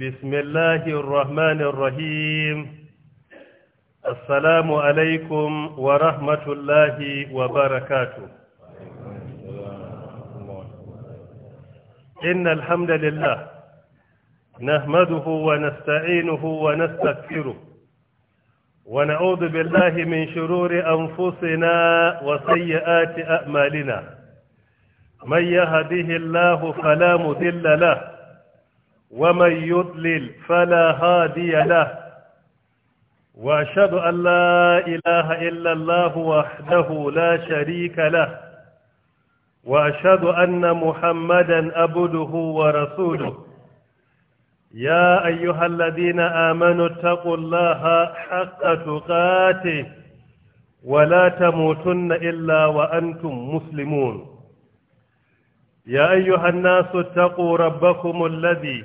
بسم الله الرحمن الرحيم السلام عليكم ورحمة الله وبركاته إن الحمد لله نحمده ونستعينه ونستغفره ونعوذ بالله من شرور أنفسنا وسيئات أعمالنا من يهده الله فلا مذل له ومن يضلل فلا هادي له وأشهد أن لا إله إلا الله وحده لا شريك له وأشهد أن محمدا أبده ورسوله يا أيها الذين آمنوا اتقوا الله حق تقاته ولا تموتن إلا وأنتم مسلمون يا أيها الناس اتقوا ربكم الذي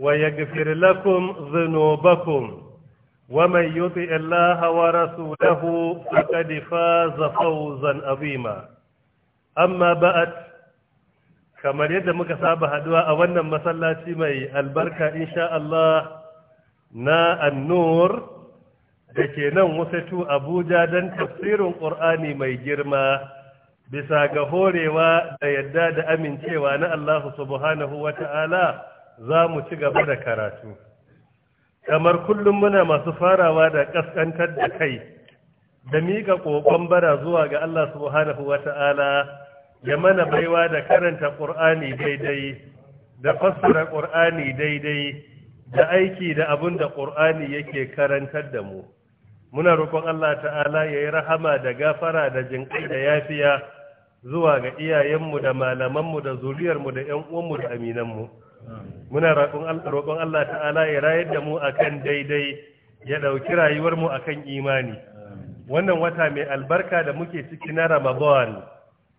ويغفر لكم ذنوبكم ومن يطع الله ورسوله فقد فاز فوزا عظيما أما بعد kamar yadda muka saba haduwa a wannan masallaci mai albarka insha Allah na annur da ke nan wasatu Abuja don tafsirin Ƙur'ani mai girma bisa ga horewa da yadda da amincewa na Allah subhanahu wa ta'ala za mu ci gaba da karatu kamar kullum muna masu farawa da ƙasƙantar da kai da miƙa ƙoƙon bara zuwa ga Allah subhanahu ta'ala) ya mana baiwa da karanta ƙur'ani daidai da fassara ƙur'ani daidai da aiki da abun da ƙur'ani yake karantar da mu muna roƙon Allah ta'ala ya yi rahama da gafara da jinƙai da yafiya zuwa ga iyayenmu da malamanmu da zuriyarmu da 'yan uwanmu da aminanmu muna roƙon Allah ta'ala ya rayar da mu akan daidai ya ɗauki rayuwar mu akan imani wannan wata mai albarka da muke ciki na Ramadan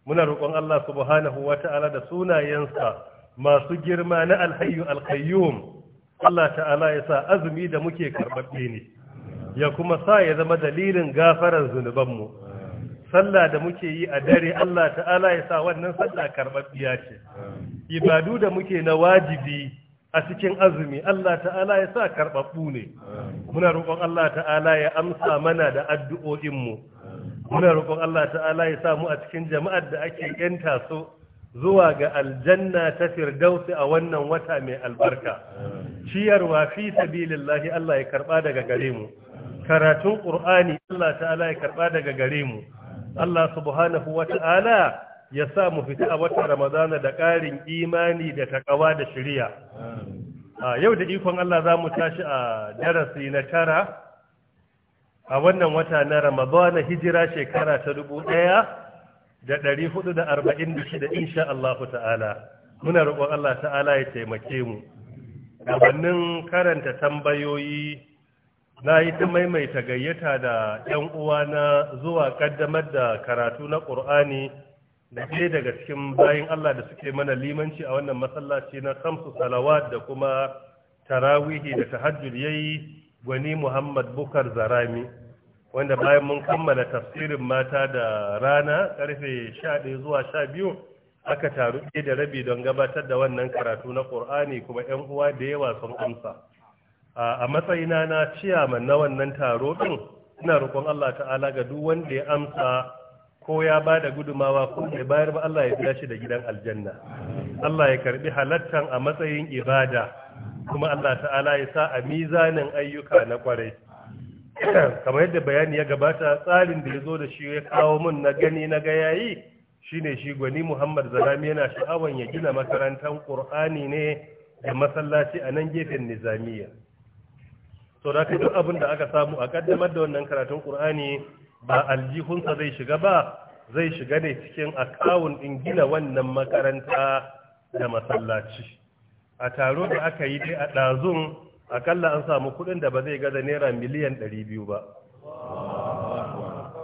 muna roƙon Allah subhanahu wata'ala da sunayensa masu girma na alhayu alqayyum Allah ta'ala ya sa azumi da muke karɓaɓɓe ne ya kuma sa ya zama dalilin gafarar zunubanmu sallah da muke yi a dare Allah ta'ala ya sa wannan sallah karɓaɓɓiya ce ibadu da muke na wajibi a cikin azumi Allah ta'ala ya sa karɓaɓɓu ne muna roƙon Allah ta'ala ya amsa mana da addu'o'inmu muna roƙon Allah ta'ala ya sa mu a cikin jama'ar da ake yanta su zuwa ga aljanna ta firdausi a wannan wata mai albarka ciyarwa fi sabilillahi Allah ya karɓa daga gare mu karatun qur'ani Allah ta'ala ya karba daga gare mu Allah subhanahu ta'ala. ya sa mu fita a watan ramadana da ƙarin imani da takawa da shirya yau da ikon Allah za mu tashi a darasi na tara a wannan wata na ramadana hijira shekara ta dubu ɗaya da ɗari hudu da arba'in da shida insha Allah ta'ala muna roƙon Allah ta'ala ya taimake mu gabanin karanta tambayoyi na yi ta maimaita gayyata da 'yan uwana zuwa ƙaddamar da karatu na ƙur'ani da ke daga cikin bayan Allah da suke mana limanci a wannan masallaci na Kamsu, Salawat da kuma Tarawihi da Tahajjud yayi gwani Muhammad Bukar Zarami wanda bayan mun kammala tafsirin mata da rana karfe sha 11 zuwa sha biyu, aka taru ke da rabi don gabatar da wannan karatu na Qur'ani kuma 'yan uwa da yawa sun amsa a matsayina na ciyaman na wannan taro din ina roƙon Allah ta'ala ga duk wanda ya amsa ko ya ba da gudumawa ko mai bayar ba Allah ya biya shi da gidan aljanna Allah ya karbi halattan a matsayin ibada kuma Allah ta'ala ya sa a mizanin ayyuka na kwarai kamar yadda bayani ya gabata tsarin da ya zo da shi ya kawo mun na gani na ga yayi shine shi gwani Muhammad Zalami yana sha'awan ya gina makarantar Qur'ani ne da masallaci a nan gefen Nizamiya to da duk abin da aka samu a kaddamar da wannan karatun Kur'ani. ba aljihunsa zai shiga ba zai shiga ne cikin akawun in gina wannan makaranta da masallaci a taro da aka yi dai a ɗazun akalla an samu kuɗin da ba zai gaza naira miliyan ɗari biyu ba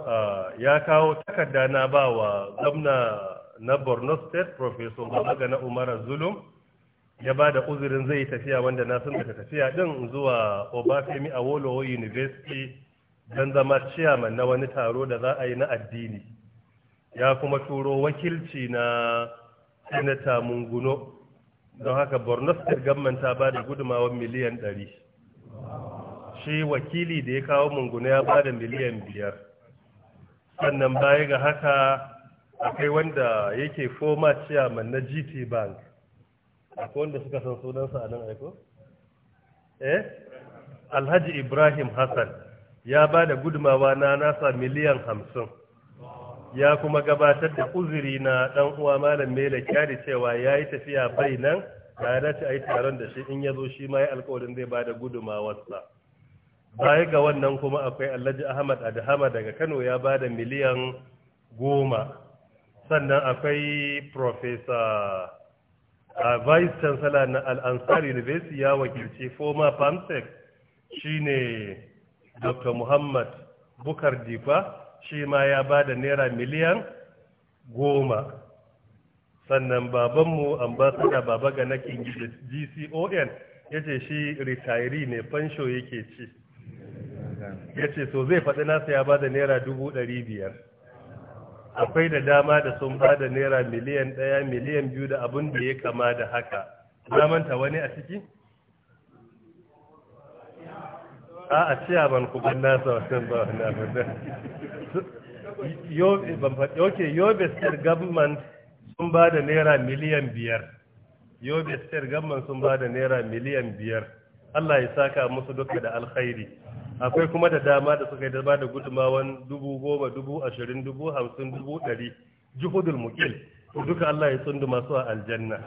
ah, ya kawo takarda na ba wa gwamna na borno state professor babaga na umar zulum ya ba da uzurin zai tafiya wanda na sun daga tafiya ɗin zuwa obafemi awolowo university don zama ciyaman na wani taro da za a yi na addini ya kuma turo wakilci na senator munguno don haka borno state government ta ba da gudunmawar miliyan ɗari. shi wakili da ya kawo munguno ya ba da miliyan biyar. sannan baya ga haka akwai wanda yake former chairman na gt bank akwai wanda suka san sunansa a nan aiko? eh alhaji ibrahim hassan ya ba da gudumawa na nasa miliyan hamsin ya kuma gabatar da uzuri na ɗan uwa malam mele kyari cewa ya yi tafiya bai nan ya dace a yi taron da shi in ya zo shi ma ya alkawarin zai ba da gudumawarsa baya ga wannan kuma akwai alhaji ahmad adhama daga kano ya ba da miliyan goma sannan akwai professor a vice chancellor na al'ansar university ya wakilci former pamsec shine dr muhammad bukar difa shi ma ya ba da naira miliyan goma sannan babanmu ambasada baba ga na gcon ya ce shi retiree ne fansho yake ci ya ce so zai faɗi nasa ya ba da naira dubu ɗari biyar akwai da dama da sun ba da naira miliyan ɗaya miliyan biyu da abin da ya kama da haka zamanta wani a ciki? a a ciya ban kuɓin nasa wasan ba wani abu da yoke yobe state government sun ba da naira miliyan biyar yobe state government sun ba da naira miliyan biyar allah ya saka musu duka da alkhairi akwai kuma da dama da suka yi da ba da gudumawan dubu goma dubu ashirin dubu hamsin dubu ɗari juhudul mukil duka allah ya sundu masu a aljanna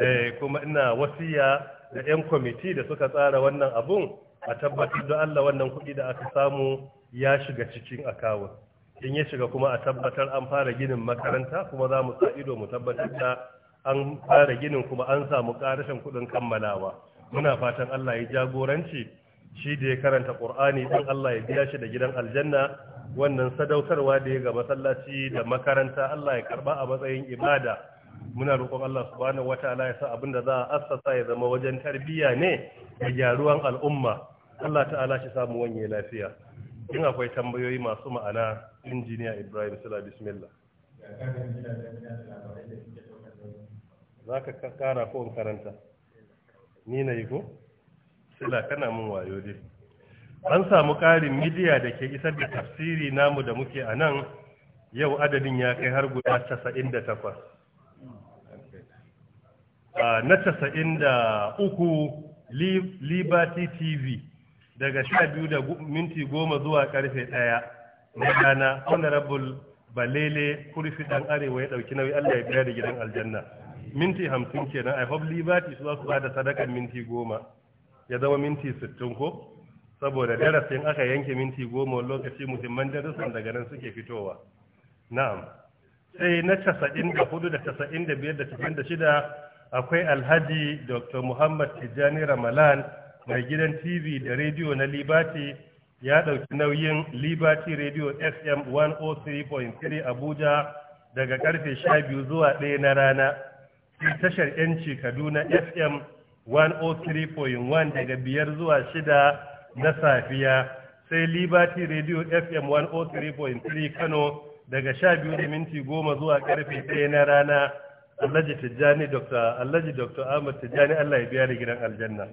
eh, kuma ina wasiya da 'yan kwamiti da suka tsara wannan abun a tabbatar da Allah wannan kuɗi da aka samu ya shiga cikin akawun in ya shiga kuma a tabbatar an fara ginin makaranta kuma za mu sa ido mu tabbatar da an fara ginin kuma an samu ƙarashin kuɗin kammalawa muna fatan Allah ya jagoranci shi da ya karanta ƙur'ani don Allah ya biya shi da gidan aljanna wannan sadautarwa da ya ga masallaci da makaranta Allah ya karba a matsayin ibada muna roƙon Allah subhanahu wataala ya sa abinda za a assasa ya zama wajen tarbiyya ne da gyaruwan al'umma Allah ta'ala shi samu wanye lafiya in akwai tambayoyi masu ma'ana injiniya Ibrahim Sula bismillah za ka kara ko in karanta ni na yi ko Sula kana mun wayo dai an samu ƙarin midiya da ke isar da tafsiri namu da muke a nan yau adadin ya kai har guda casa'in da takwas ah, na casa'in da uku liberty tv daga sha biyu da minti goma zuwa karfe ɗaya na rana honorable balele kurfi dan arewa ya ɗauki nauyi allah ya biya da gidan aljanna minti hamsin kenan i hope liberty su za su ba da sadakar minti goma ya zama minti sittin ko saboda darasin aka yanke minti goma lokaci muhimman darasin daga nan suke fitowa na'am sai na casa'in da hudu da casa'in da biyar da casa'in da shida akwai alhaji dr muhammad tijjani ramalan mai gidan tv da rediyo na liberty ya ɗauki nauyin liberty radio fm 103.3 abuja daga karfe 12 zuwa 1 na rana sai tashar yanci kaduna fm 103.1 daga biyar zuwa shida na safiya sai liberty radio fm 103.3 kano daga 12 da minti goma zuwa karfe 1 na rana Allah ji tijjani dr alhaji dr ahmad tijjani allah ya biya da gidan aljanna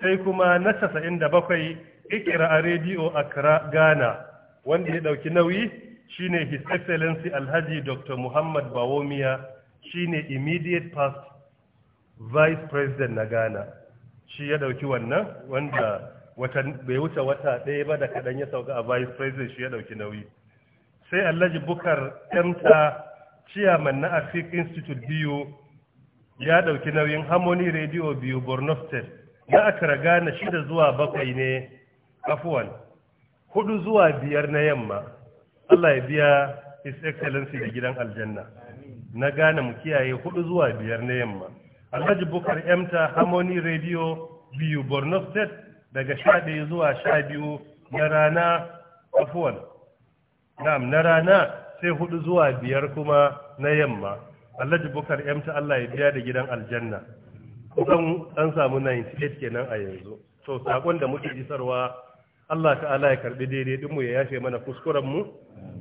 sai kuma na casa'in da bakwai ikira a rediyo accra ghana wanda ya dauki nauyi shine his excellency alhaji dr muhammad bawomiya shine immediate past vice president na ghana shi ya dauki wannan wanda bai wuce wata ɗaya ba da kaɗan ya sauka a vice president shi ya dauki nauyi sai alhaji bukar yamta chairman na africa institute biyu ya dauki nauyin harmony radio biyu borno state na akara gane shida zuwa bakwai ne afuwan hudu zuwa biyar na yamma Allah ya biya his excellency da gidan aljanna na gane mu kiyaye hudu zuwa biyar na yamma alhaji bukar emta harmony radio biyu borno state daga sha ɗaya zuwa sha biyu na rana afuwan na'am na rana sai hudu zuwa biyar kuma na yamma alhaji bukar emta Allah ya biya da gidan aljanna kusan an samu 98 kenan a yanzu so sakon da muke isarwa Allah ta'ala ya karɓi daidai ɗinmu ya yashe mana kuskuren mu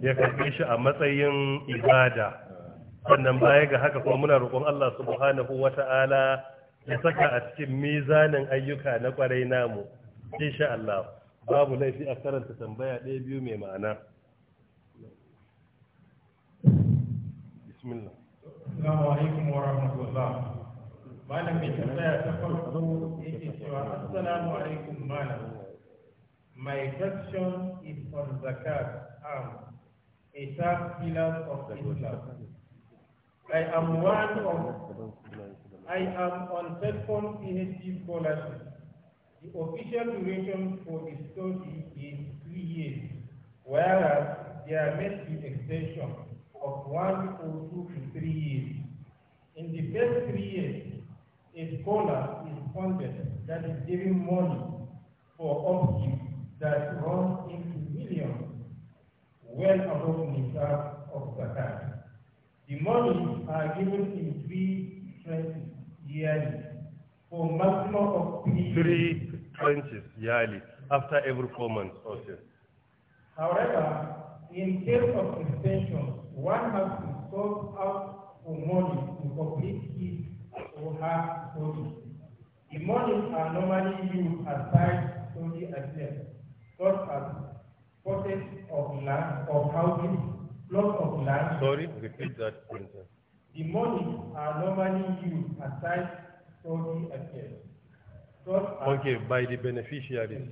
ya karbe shi a matsayin ibada sannan baya ga haka kuma muna roƙon Allah subhanahu wata'ala ya saka a cikin mizanin ayyuka na kwarai namu insha Allah babu laifi a karanta tambaya ɗaya biyu mai ma'ana bismillah assalamu alaikum wa rahmatullah malam mai tambaya ta farko yake cewa assalamu alaikum malam my question is on zakat am a sharp pillar of Islam I am one of I am on second PhD scholarship the official duration for the study is three years whereas there must be extension of one or two to three years in the first three years a scholar is funded that is giving money for objects that run into millions, well above the nisab of the zakat. The money are given in three tranches yearly for maximum of three, three yearly after every four months or so. However, in case of extension, one has to sort out for money to complete his or her body. The money are normally used aside solely as them, such as purchase of land or housing, plot of land. Sorry, repeat that. Princess. The money are normally used aside solely as them. Okay, by the beneficiaries.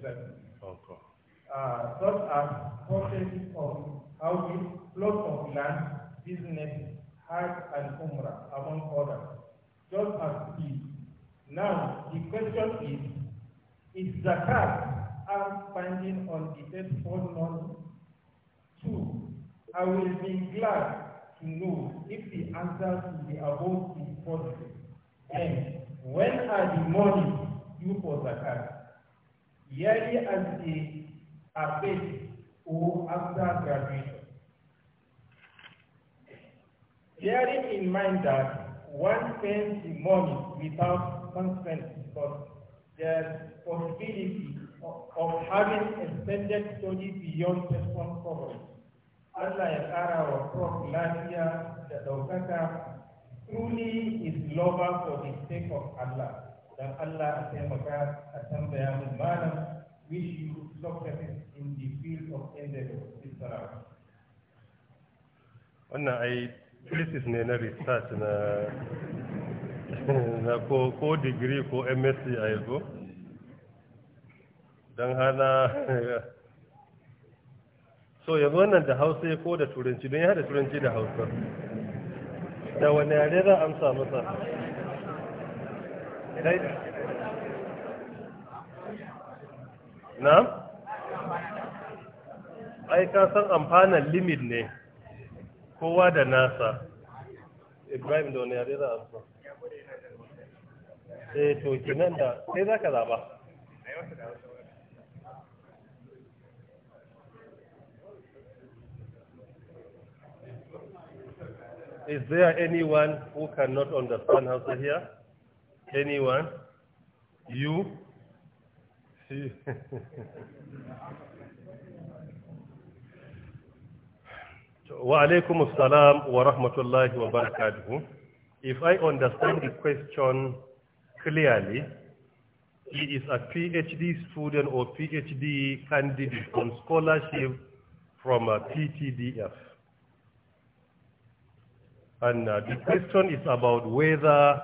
Okay. Uh, such as purchase of housing, plot of land, business, hajj and umrah, among others just as is. Now, the question is, is zakat I'm spending on the debt-born money? Two, I will be glad to know if the answer to the above is positive. And when are the money due for zakat? Yearly as a are or after graduation. Bearing in mind that one spends the money without consent because the possibility of, of having extended study beyond sexual coverage. Allah ya ƙara wa Prof lafiya the ɗaukaka truly is lover for the sake of Allah. That Allah a taimaka a tambaya mu malam wish you success in the field of endeavor. Wannan ai thesis ne na research na ko digiri ko msc a yanzu don hana so yanzu wannan da hausa ko da turanci don ya haɗa turanci da hausa da wani yare za amsa masa na? ai ka san amfanan limit ne kowa da nasa ibrahim da wani yare za a eh, da sai za ka zaba Is there anyone who cannot understand Hausa here? Anyone? You? Wa alaikum assalam wa rahmatullahi wa barakatuhu. If I understand the question clearly, he is a PhD student or PhD candidate on scholarship from a uh, PTDF. And uh, the question is about whether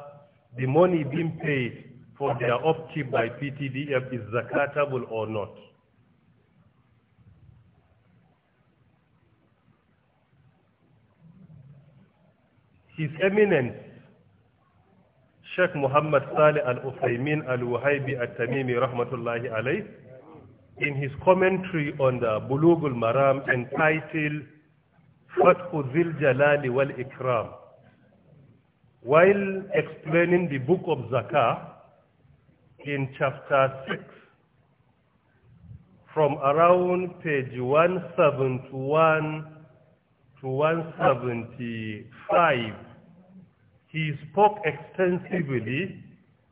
the money being paid for their upkeep by PTDF is zakatable or not. His Eminence Sheikh Muhammad Saleh al usaymin Al-Wahibi at tamimi Rahmatullahi Alayh in his commentary on the Bulugul Maram entitled Fathu Zil Jalali Wal Ikram while explaining the book of Zakah in chapter 6 from around page 171 to 175 He spoke extensively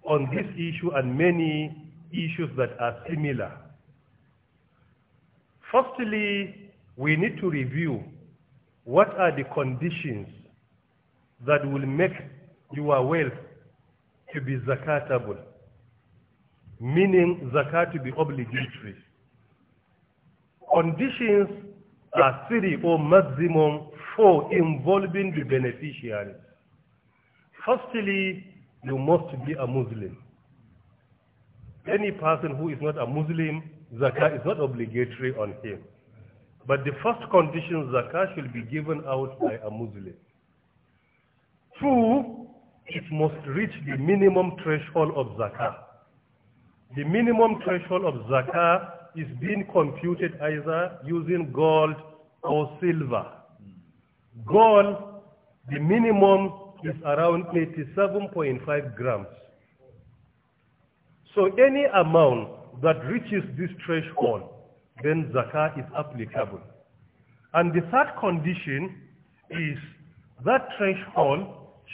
on this issue and many issues that are similar. Firstly, we need to review what are the conditions that will make your wealth to be zakatable, meaning zakat to be obligatory. Conditions are three or maximum four involving the beneficiaries. Firstly, you must be a Muslim. Any person who is not a Muslim, zakah is not obligatory on him. But the first condition, zakah should be given out by a Muslim. Two, it must reach the minimum threshold of zakah. The minimum threshold of zakah is being computed either using gold or silver. Gold, the minimum is around 87.5 grams. So any amount that reaches this threshold, then zakah is applicable. And the third condition is that threshold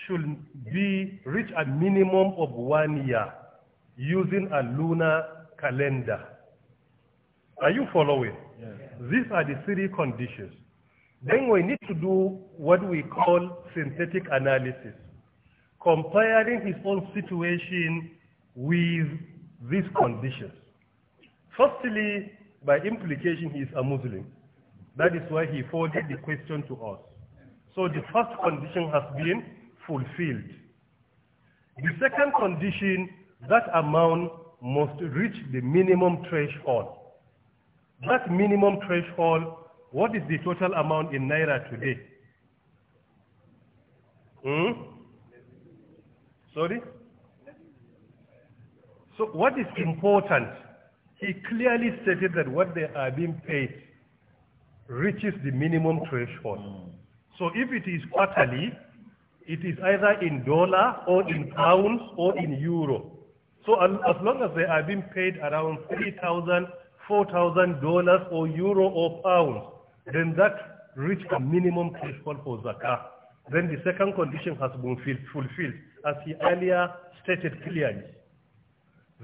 should be reach a minimum of one year using a lunar calendar. Are you following? Yes. These are the three conditions. Then we need to do what we call synthetic analysis, comparing his own situation with these conditions. Firstly, by implication, he is a Muslim. That is why he forwarded the question to us. So the first condition has been fulfilled. The second condition, that amount must reach the minimum threshold. That minimum threshold what is the total amount in Naira today? Hmm? Sorry? So what is important? He clearly stated that what they are being paid reaches the minimum threshold. So if it is quarterly, it is either in dollar or in pounds or in euro. So as long as they are being paid around $3,000, $4,000 or euro or pounds, then that reached a minimum threshold for zakah. Then the second condition has been fulfilled, as he earlier stated clearly.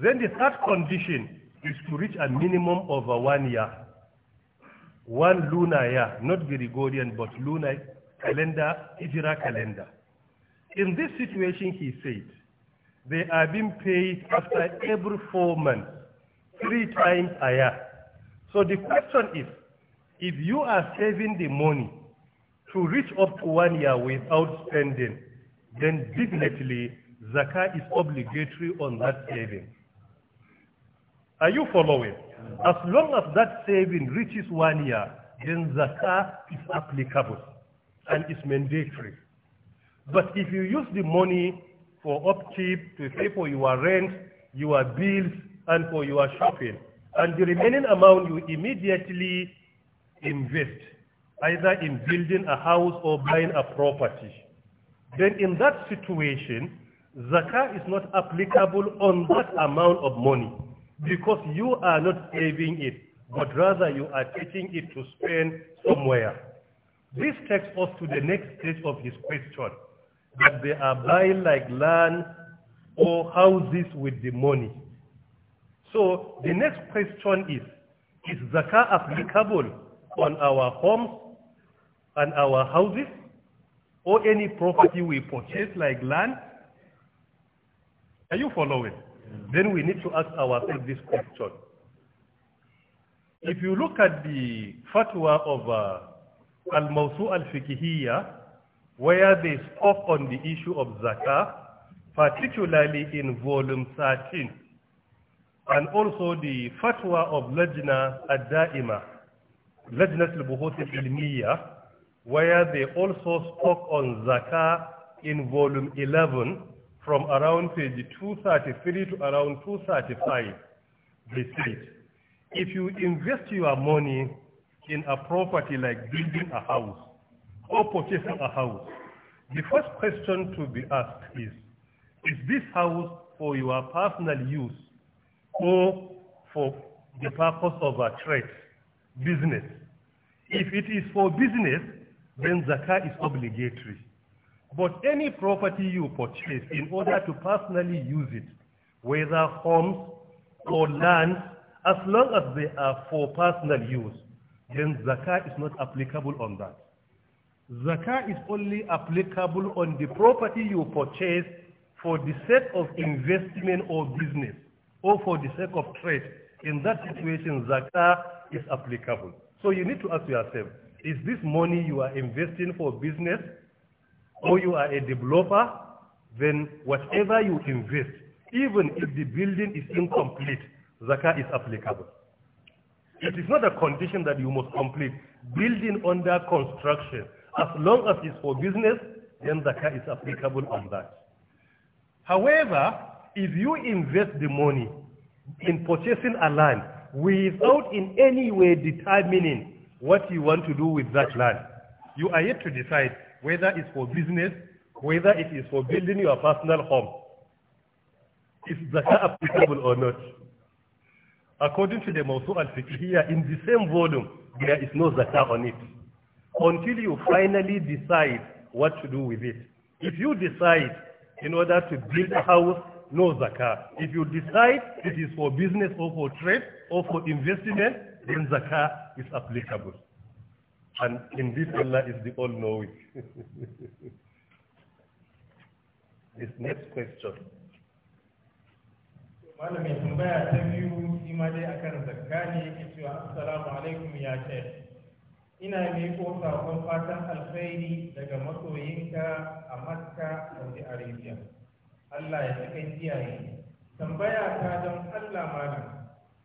Then the third condition is to reach a minimum of a one year, one lunar year, not Gregorian, but lunar calendar, Hijra calendar. In this situation, he said, they are being paid after every four months, three times a year. So the question is, if you are saving the money to reach up to one year without spending, then definitely zakah is obligatory on that saving. Are you following? As long as that saving reaches one year, then zakah is applicable and is mandatory. But if you use the money for upkeep, to pay for your rent, your bills, and for your shopping, and the remaining amount you immediately invest, either in building a house or buying a property, then in that situation, zakah is not applicable on that amount of money because you are not saving it, but rather you are taking it to spend somewhere. This takes us to the next stage of his question, that they are buying like land or houses with the money. So the next question is, is zakah applicable on our homes and our houses or any property we purchase like land? Are you following? Then we need to ask ourselves this question. If you look at the fatwa of uh, Al-Mawsu al-Fiqhiyya, where they spoke on the issue of zakah, particularly in volume 13, and also the fatwa of Lajna ad-Da'ima, Lajnat al-Buhut where they also spoke on zakah in volume 11 from around page 233 to around 235. They said, if you invest your money in a property like building a house or purchasing a house, the first question to be asked is, is this house for your personal use or for the purpose of a trade, business? If it is for business, then zakah is obligatory. But any property you purchase in order to personally use it, whether homes or land, as long as they are for personal use, then zakah is not applicable on that. Zakah is only applicable on the property you purchase for the sake of investment or business or for the sake of trade. In that situation, zakah is applicable. So you need to ask yourself, is this money you are investing for business or you are a developer? Then whatever you invest, even if the building is incomplete, Zakah is applicable. It is not a condition that you must complete. Building under construction, as long as it's for business, then Zakah is applicable on that. However, if you invest the money in purchasing a land without in any way determining what you want to do with that land. You are yet to decide whether it's for business, whether it is for building your personal home. Is zakah applicable or not? According to the Mawsu al here in the same volume, there is no zakah on it. Until you finally decide what to do with it. If you decide in order to build a house no zakah. If you decide it is for business or for trade or for investment, then zakah is applicable. And this Allah is the all-knowing. this next question. akan alaikum ya ina fatan alkhairi daga masoyinka a saudi arabia Allah ya kai kiyaye tambaya ta don Allah malam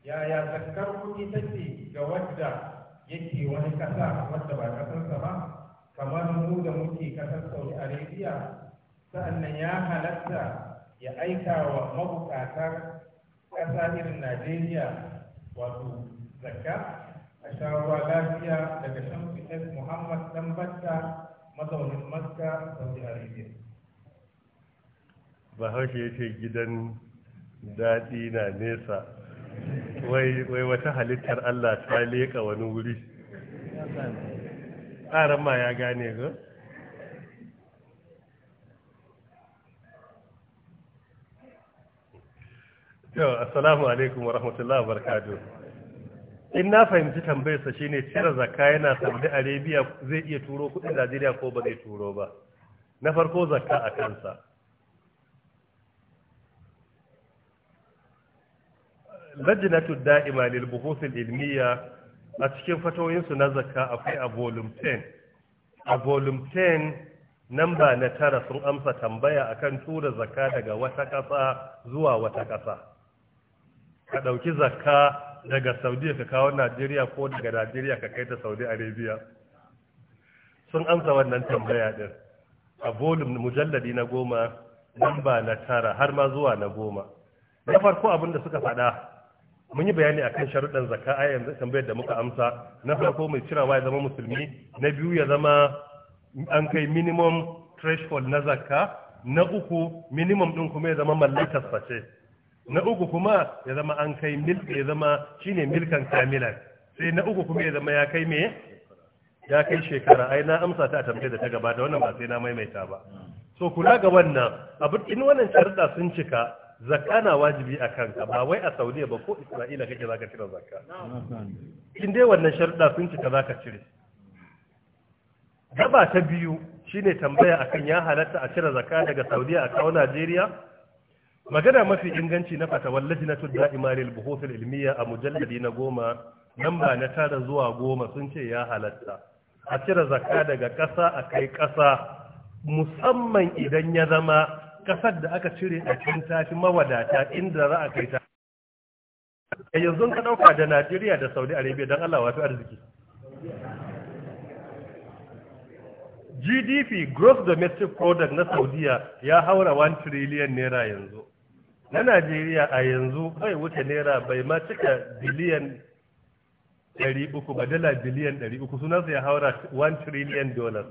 yaya zakkar kuɗi take ga wadda yake wani ƙasa wadda ba kasarsa ba kamar mu da muke ƙasar Saudi Arabia sa'annan ya halatta ya aika wa mabukatar ƙasa irin Najeriya wato zakka a shawarwa lafiya daga shan fitar Muhammad Dambatta mazaunin Makka Saudi Arabia. bahaushe ya ce gidan daɗi na nesa wai wata halittar Allah ta leƙa wani wuri ƙaran ma ya gane ga yau assalamu alaikum wa rahmatullahi wa barakatuh in na fahimci tambayarsa shine cire zakka yana saudi arabia zai iya turo kudin najeriya ko ba zai turo ba na farko zakka a kansa lajinatu da'ima lil buhuth al ilmiya a cikin fatoyinsu na zakka akwai a volume 10 a volume 10 namba na tara sun amsa tambaya akan tura zakka daga wata ƙasa zuwa wata ƙasa ka ɗauki zakka daga saudiya ka kawo najeriya ko daga najeriya ka kai ta saudi arabia sun amsa wannan tambaya din a volume mujalladi na goma namba na tara har ma zuwa na goma na farko abin da suka faɗa mun yi bayani akan sharuɗan zakka a yanzu tambayar da muka amsa na farko mai cirawa ya zama musulmi na biyu ya zama an kai minimum threshold na zakka na uku minimum ɗin kuma ya zama mallakar sace na uku kuma ya zama an kai milk ya zama shine milkan kamila sai na uku kuma ya zama ya kai me ya kai shekara ai na amsa ta tambayar da ta gabata wannan ba sai na maimaita ba so kula ga wannan abin wannan sharuɗa sun cika zakka na wajibi a kanka ba wai a saudiya ba ko isra'ila kake za ka cire zakka in dai wannan sharuɗa sun cika za ka cire gaba ta biyu shine tambaya akan ya halatta a cire zakka daga saudiya a kawo najeriya magana mafi inganci na fatawar lajinatul da'ima lil buhuthil ilmiya a mujalladi na goma namba na tara zuwa goma sun ce ya halatta a cire zakka daga ƙasa a kai ƙasa musamman idan ya zama kasar da aka cire a cikin tafi mawadata inda za a kai ta a yanzu ka ɗauka da Najeriya da Saudi Arabia don Allah wafi arziki GDP gross domestic product na Saudiya ya haura 1 trillion naira yanzu na Najeriya a yanzu bai wuce naira bai ma cika biliyan 300 ba dala biliyan 300 sunansa ya haura 1 trillion dollars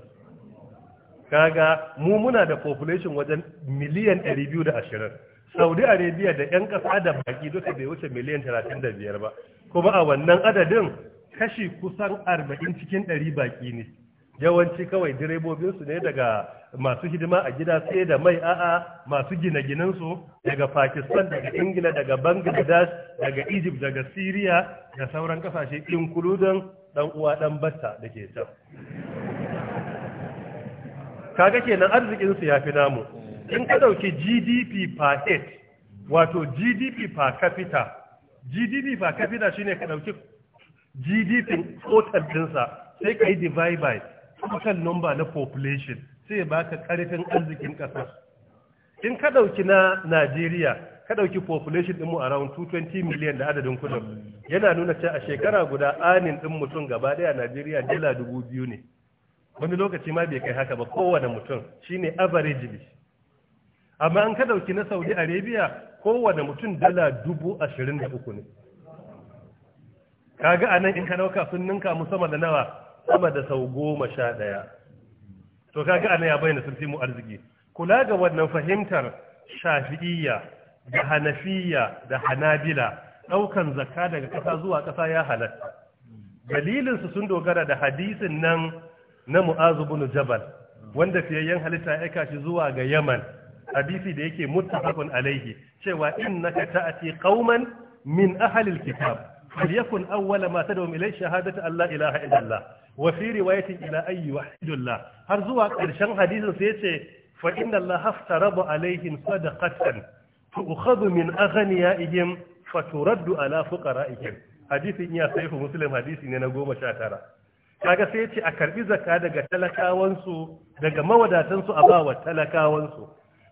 kaga mu muna da population wajen miliyan 220 saudi arabia da 'yan ƙasa da baki duka bai wuce miliyan 35 ba kuma a wannan adadin kashi kusan 40 cikin 100 baki ne yawanci kawai direbobinsu ne daga masu hidima a gida sai da mai a'a masu gine-ginensu daga pakistan daga ingila daga bangladesh daga egypt daga syria da sauran kasashe including dan uwa dan batta da ke can kaga kenan arzikin su yafi namu in ka dauki GDP per head wato GDP per capita GDP per capita shine ka dauki GDP total sa sai ka yi divide by total number na population sai baka karfin arzikin kasa in ka dauki na Najeriya ka ɗauki population ɗinmu a around 220 miliyan da adadin kudin yana nuna cewa a shekara guda anin ɗin mutum gaba ɗaya a najeriya dala dubu biyu ne wani lokaci ma bai kai haka ba kowane mutum shine average ne amma an ka dauki na saudi arabia kowane mutum dala dubu ashirin da uku ne kaga a nan in ka dauka sun ninka mu sama da nawa sama da sau goma sha ɗaya to kaga a nan ya bayyana sun fi mu arziki kula ga wannan fahimtar shafi'iyya da hanafiya da hanabila ɗaukan zakka daga ƙasa zuwa ƙasa ya halatta dalilinsu sun dogara da hadisin nan na mu'azu bin jabal wanda fiyayyen halitta ya aika shi zuwa ga yaman hadisi da yake muttafaqun alaihi cewa innaka ta'ati qauman min ahli alkitab falyakun awwala ma tad'u ilay shahadatu an la ilaha illallah wa fi riwayatin ila ayyi wahidullah har zuwa karshen hadisin sai yace fa inna allaha aftarada alaihim sadaqatan tu'khadhu min aghniyaihim faturaddu ala fuqaraihim hadisin ya sahihu muslim hadisi ne na 19 kaga sai ce a karbi zakka daga talakawansu daga mawadatansu a ba bawa talakawansu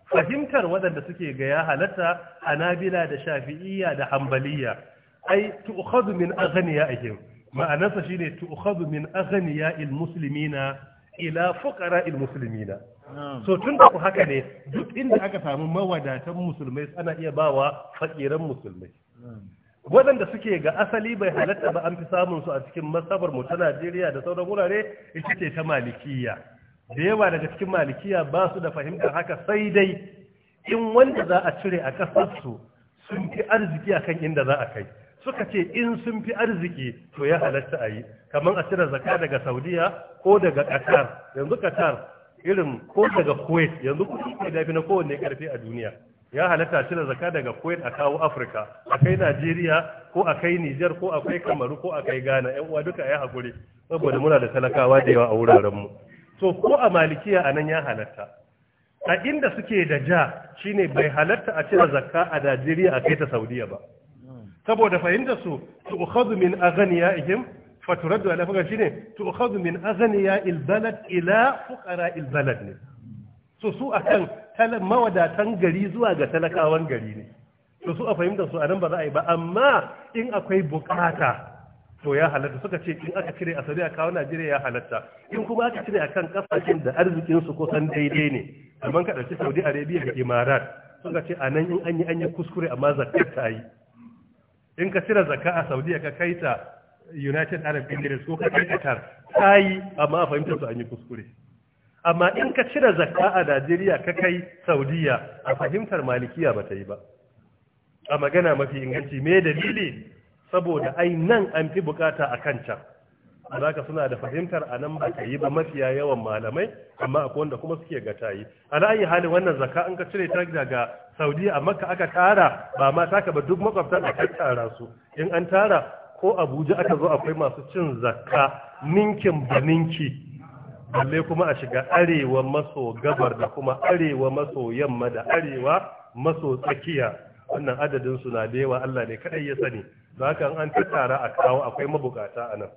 fahimtar waɗanda suke ga ya halatta hanabila da shafi'iyya da hambaliya ai tu'khadhu min aghniyaihim sa shine tu'khadhu min aghniya'il muslimina ila fuqara'il muslimina so tun da ku haka ne duk inda aka samu mawadatan musulmai ana iya bawa fakiran musulmai waɗanda suke ga asali bai halatta ba an fi samun su a cikin masabar mu ta Najeriya da sauran wurare ita ce ta malikiya da yawa daga cikin malikiya ba su da fahimtar haka sai dai in wanda za a cire a ƙasar su sun fi arziki akan inda za a kai suka ce in sun fi arziki to ya halatta a yi kamar a cire zaka daga Saudiya ko daga Qatar yanzu Qatar irin ko daga Kuwait yanzu kuɗi ne da fi na kowanne ƙarfi a duniya ya halatta cire zaka daga Kuwait a kawo Afirka akai Najeriya ko a kai Niger ko a Kamaru ko a kai Ghana ƴan uwa duka ya hakuri saboda muna da talakawa da yawa a wuraren mu to ko a malikiya anan ya halatta a inda suke da ja shine bai halatta a cire zakka a Najeriya a kai ta Saudiya ba saboda fahimta su tu'khadhu min aghniyaihim faturaddu ala fuqara shine tu'khadhu min aghniya albalad ila fuqara albalad ne to su kan mawadatan gari zuwa ga talakawan gari ne to su a fahimta su a nan ba za a yi ba amma in akwai bukata to ya halatta suka ce in aka cire a asali a kawo Najeriya ya halatta in kuma aka cire a kan kasashen da arzikinsu su kusan daidai ne amma ka ɗauki Saudi Arabia da Imarat suka ce a nan in an yi an yi kuskure amma zakat ta yi in ka cire zakka a Saudi ka kai ta United Arab Emirates ko ka kai Qatar ta yi amma a fahimta su an yi kuskure amma in ka cire zakka a Najeriya ka kai Saudiya a fahimtar malikiya ba ta yi ba a magana mafi inganci me dalili saboda ai nan an fi bukata a kan can alaka suna da fahimtar a nan ba ta yi ba mafiya yawan malamai amma akwai wanda kuma suke ga ta A ala'ayi halin wannan zakka an ka cire ta daga Saudiya a Makka aka tara ba ma ka ba duk da ka tara su in an tara ko Abuja aka zo akwai masu cin zakka ninkin ba ninki balle kuma a shiga arewa maso gabar da kuma arewa maso yamma da arewa maso tsakiya wannan adadin su na da yawa Allah ne kadai ya sani don haka an tattara a kawo akwai mabukata a nan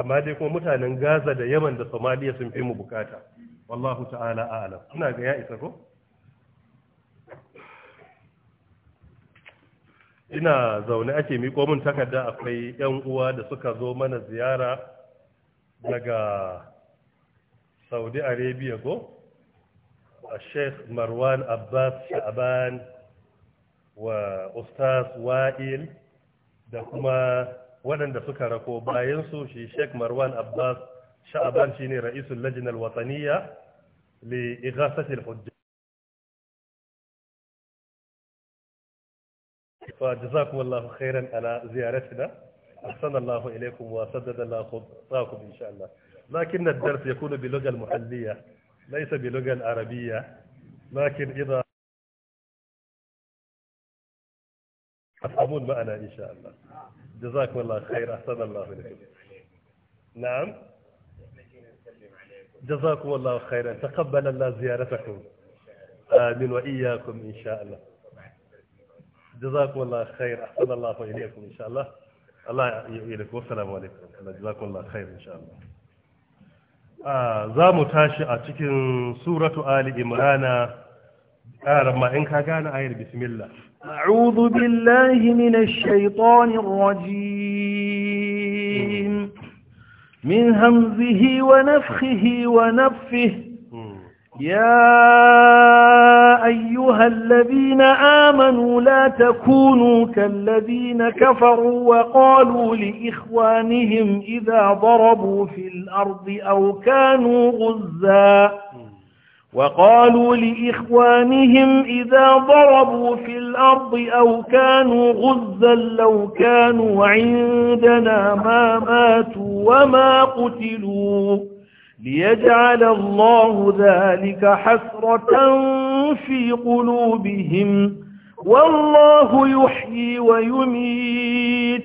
amma dai kuma mutanen Gaza da Yaman da Somalia sun fi mu bukata wallahu ta'ala a'lam ina ga ya isa ko ina zaune ake miko min takarda akwai yan uwa da suka zo mana ziyara daga saudi arabia go Marwan Abbas عباس wa وأستاذ Wail da kuma waɗanda suka rako bayansu shi Sheikh Marwan Abbas Sha'aban shine ra'isul lajnal wataniya li ighasati al-hujjat fa jazakumullahu khairan ala ziyaratina ahsanallahu ilaykum wa saddada Allah khutbakum insha Allah لكن الدرس يكون باللغة المحلية ليس باللغة العربية لكن إذا تفهمون معنا إن شاء الله جزاكم الله خير أحسن الله إليكم نعم جزاكم الله خيرا تقبل الله زيارتكم آمين وإياكم إن شاء الله جزاكم الله خير أحسن الله إليكم إن شاء الله الله يعينكم والسلام عليكم جزاكم الله خير إن شاء الله za mu tashi a cikin suratu ali imrana ƙarar in ka gane ayar bismillah a'udhu billahi minash shaitanir rajim min hamzihi wa nafthihi wa nafthihi hmm. ya أيها الذين آمنوا لا تكونوا كالذين كفروا وقالوا لإخوانهم إذا ضربوا في الأرض أو كانوا غزا وقالوا لإخوانهم إذا ضربوا في الأرض أو كانوا غزا لو كانوا عندنا ما ماتوا وما قتلوا ليجعل الله ذلك حسرة في قلوبهم والله يحيي ويميت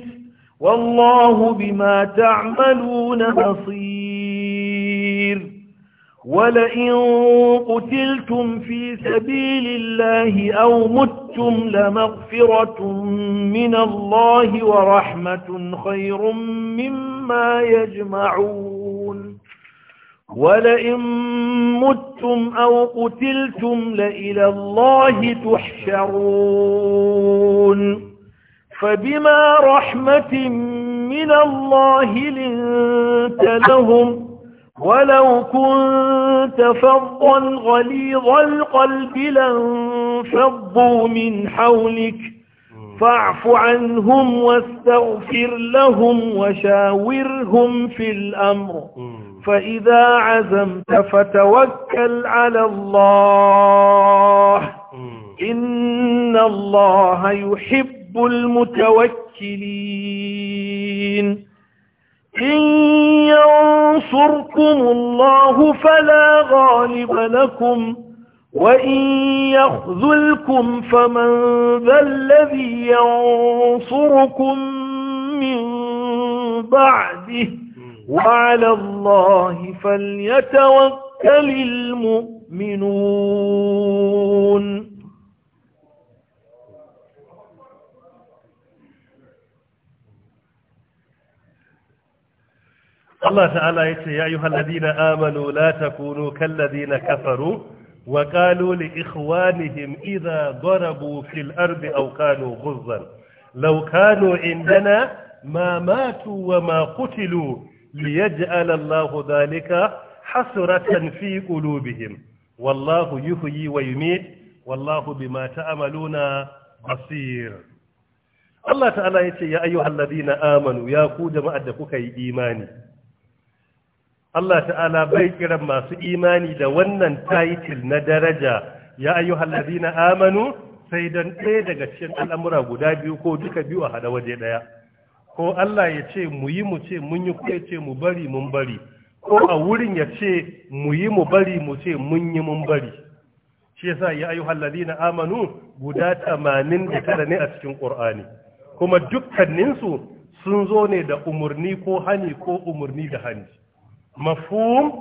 والله بما تعملون بصير ولئن قتلتم في سبيل الله أو متم لمغفرة من الله ورحمة خير مما يجمعون ولئن متم أو قتلتم لإلى الله تحشرون فبما رحمة من الله لنت لهم ولو كنت فظا غليظ القلب لانفضوا من حولك فاعف عنهم واستغفر لهم وشاورهم في الأمر فإذا عزمت فتوكل على الله إن الله يحب المتوكلين إن ينصركم الله فلا غالب لكم وإن يخذلكم فمن ذا الذي ينصركم من بعده وعلى الله فليتوكل المؤمنون الله تعالى يقول يا أيها الذين آمنوا لا تكونوا كالذين كفروا وقالوا لإخوانهم إذا ضربوا في الأرض أو كانوا غزا لو كانوا عندنا ما ماتوا وما قتلوا ليجعل الله ذلك حسرة في قلوبهم والله يحيي ويميت والله بما تعملون basir Allah ta'ala ya ce ya ayyuhal ladina amanu ya ku jama'ar da kuka yi imani Allah ta'ala bai kiran masu imani da wannan titil na daraja ya ayyuhal ladina amanu sai dan ɗaya daga cikin al'amura guda biyu ko duka biyu a hada waje ɗaya ko Allah ya ce mu yi mu ce mun yi ko ya ce mu bari mun bari ko a wurin ya ce mu yi mu bari mu ce mun yi mun bari shi yasa ya ayu na amanu guda 89 ne a cikin Qur'ani kuma dukkanin su sun zo ne da umurni ko hani ko umurni da hani mafhum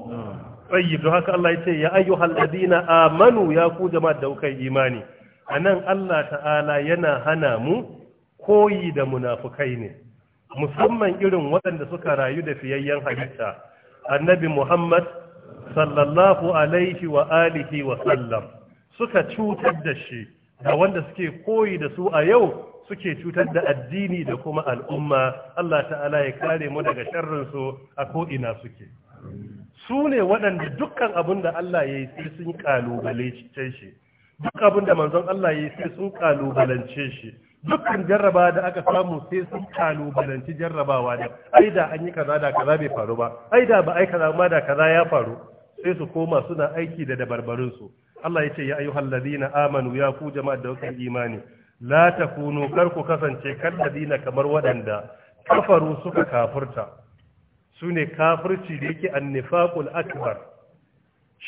tayyib don haka Allah ya ce ya ayu halladina amanu ya ku jama'a da kuka imani anan Allah ta'ala yana hana mu koyi da munafukai ne musamman irin waɗanda suka rayu da fiyayyen halitta annabi muhammad sallallahu alaihi wa alihi wa sallam suka cutar da shi da wanda suke koyi da su a yau suke cutar da addini da kuma al'umma Allah ta'ala ya kare mu daga sharrinsu a ko'ina suke su ne waɗanda dukkan abin da Allah ya yi sai sun ƙalubalance shi duk abin da manzon Allah ya yi sai sun ƙalubalance shi dukkan jarraba da aka samu sai sun kalubalanci jarrabawa da ai da an yi kaza da kaza bai faru ba ai da ba ai kaza ma da kaza ya faru sai su koma suna aiki da dabarbarin su Allah ya ce ya ayyuhal ladina amanu ya ku jama'a da kuka imani la takunu kar ku kasance kan ladina kamar waɗanda kafaru suka kafurta sune kafirci da yake annifaqul akbar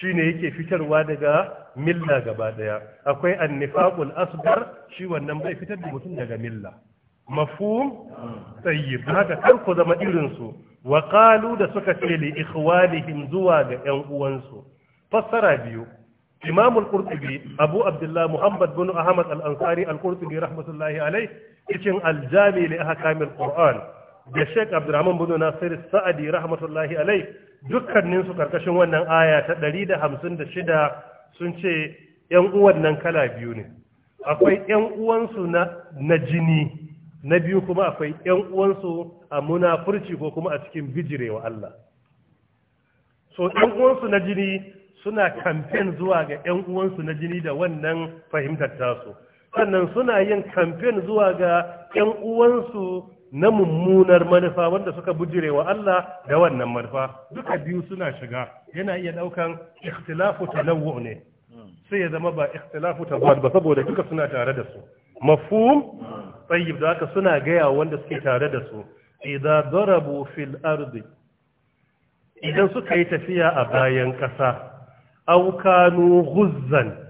shine yake fitarwa daga milla gaba ɗaya akwai annifaƙul asghar shi wannan bai fitar da mutum daga milla mafhum tayyib haka kar ku zama irin su wa da suka ce li ikhwanihim zuwa ga yan uwansu fassara biyu imam al-qurtubi abu abdullah muhammad bin ahmad al-ansari al-qurtubi rahmatullahi alayh cikin al-jami li ahkam al-quran da sheikh abdurrahman bin nasir sa'adi rahmatullahi alayh dukkanin su karkashin wannan aya ta 156 sun ce ‘yan uwan nan kala biyu ne akwai ‘yan uwansu na jini na biyu kuma akwai ‘yan uwansu a munafurci ko kuma a cikin bijirewa Allah so ‘yan uwansu na jini suna kamfen zuwa ga ‘yan uwansu na jini da wannan fahimtar tasu sannan suna yin kamfen zuwa ga ‘yan uwansu na mummunar manufa wanda suka bujire wa Allah da wannan manufa duka biyu suna shiga yana iya daukan ikhtilafu tanawwu ne sai ya zama ba ikhtilafu zuwa ba saboda duka suna tare da su mafhum tayyib da haka suna gaya wanda suke tare da su idza darabu fil ardi idan suka yi tafiya a bayan kasa aw kanu ghuzzan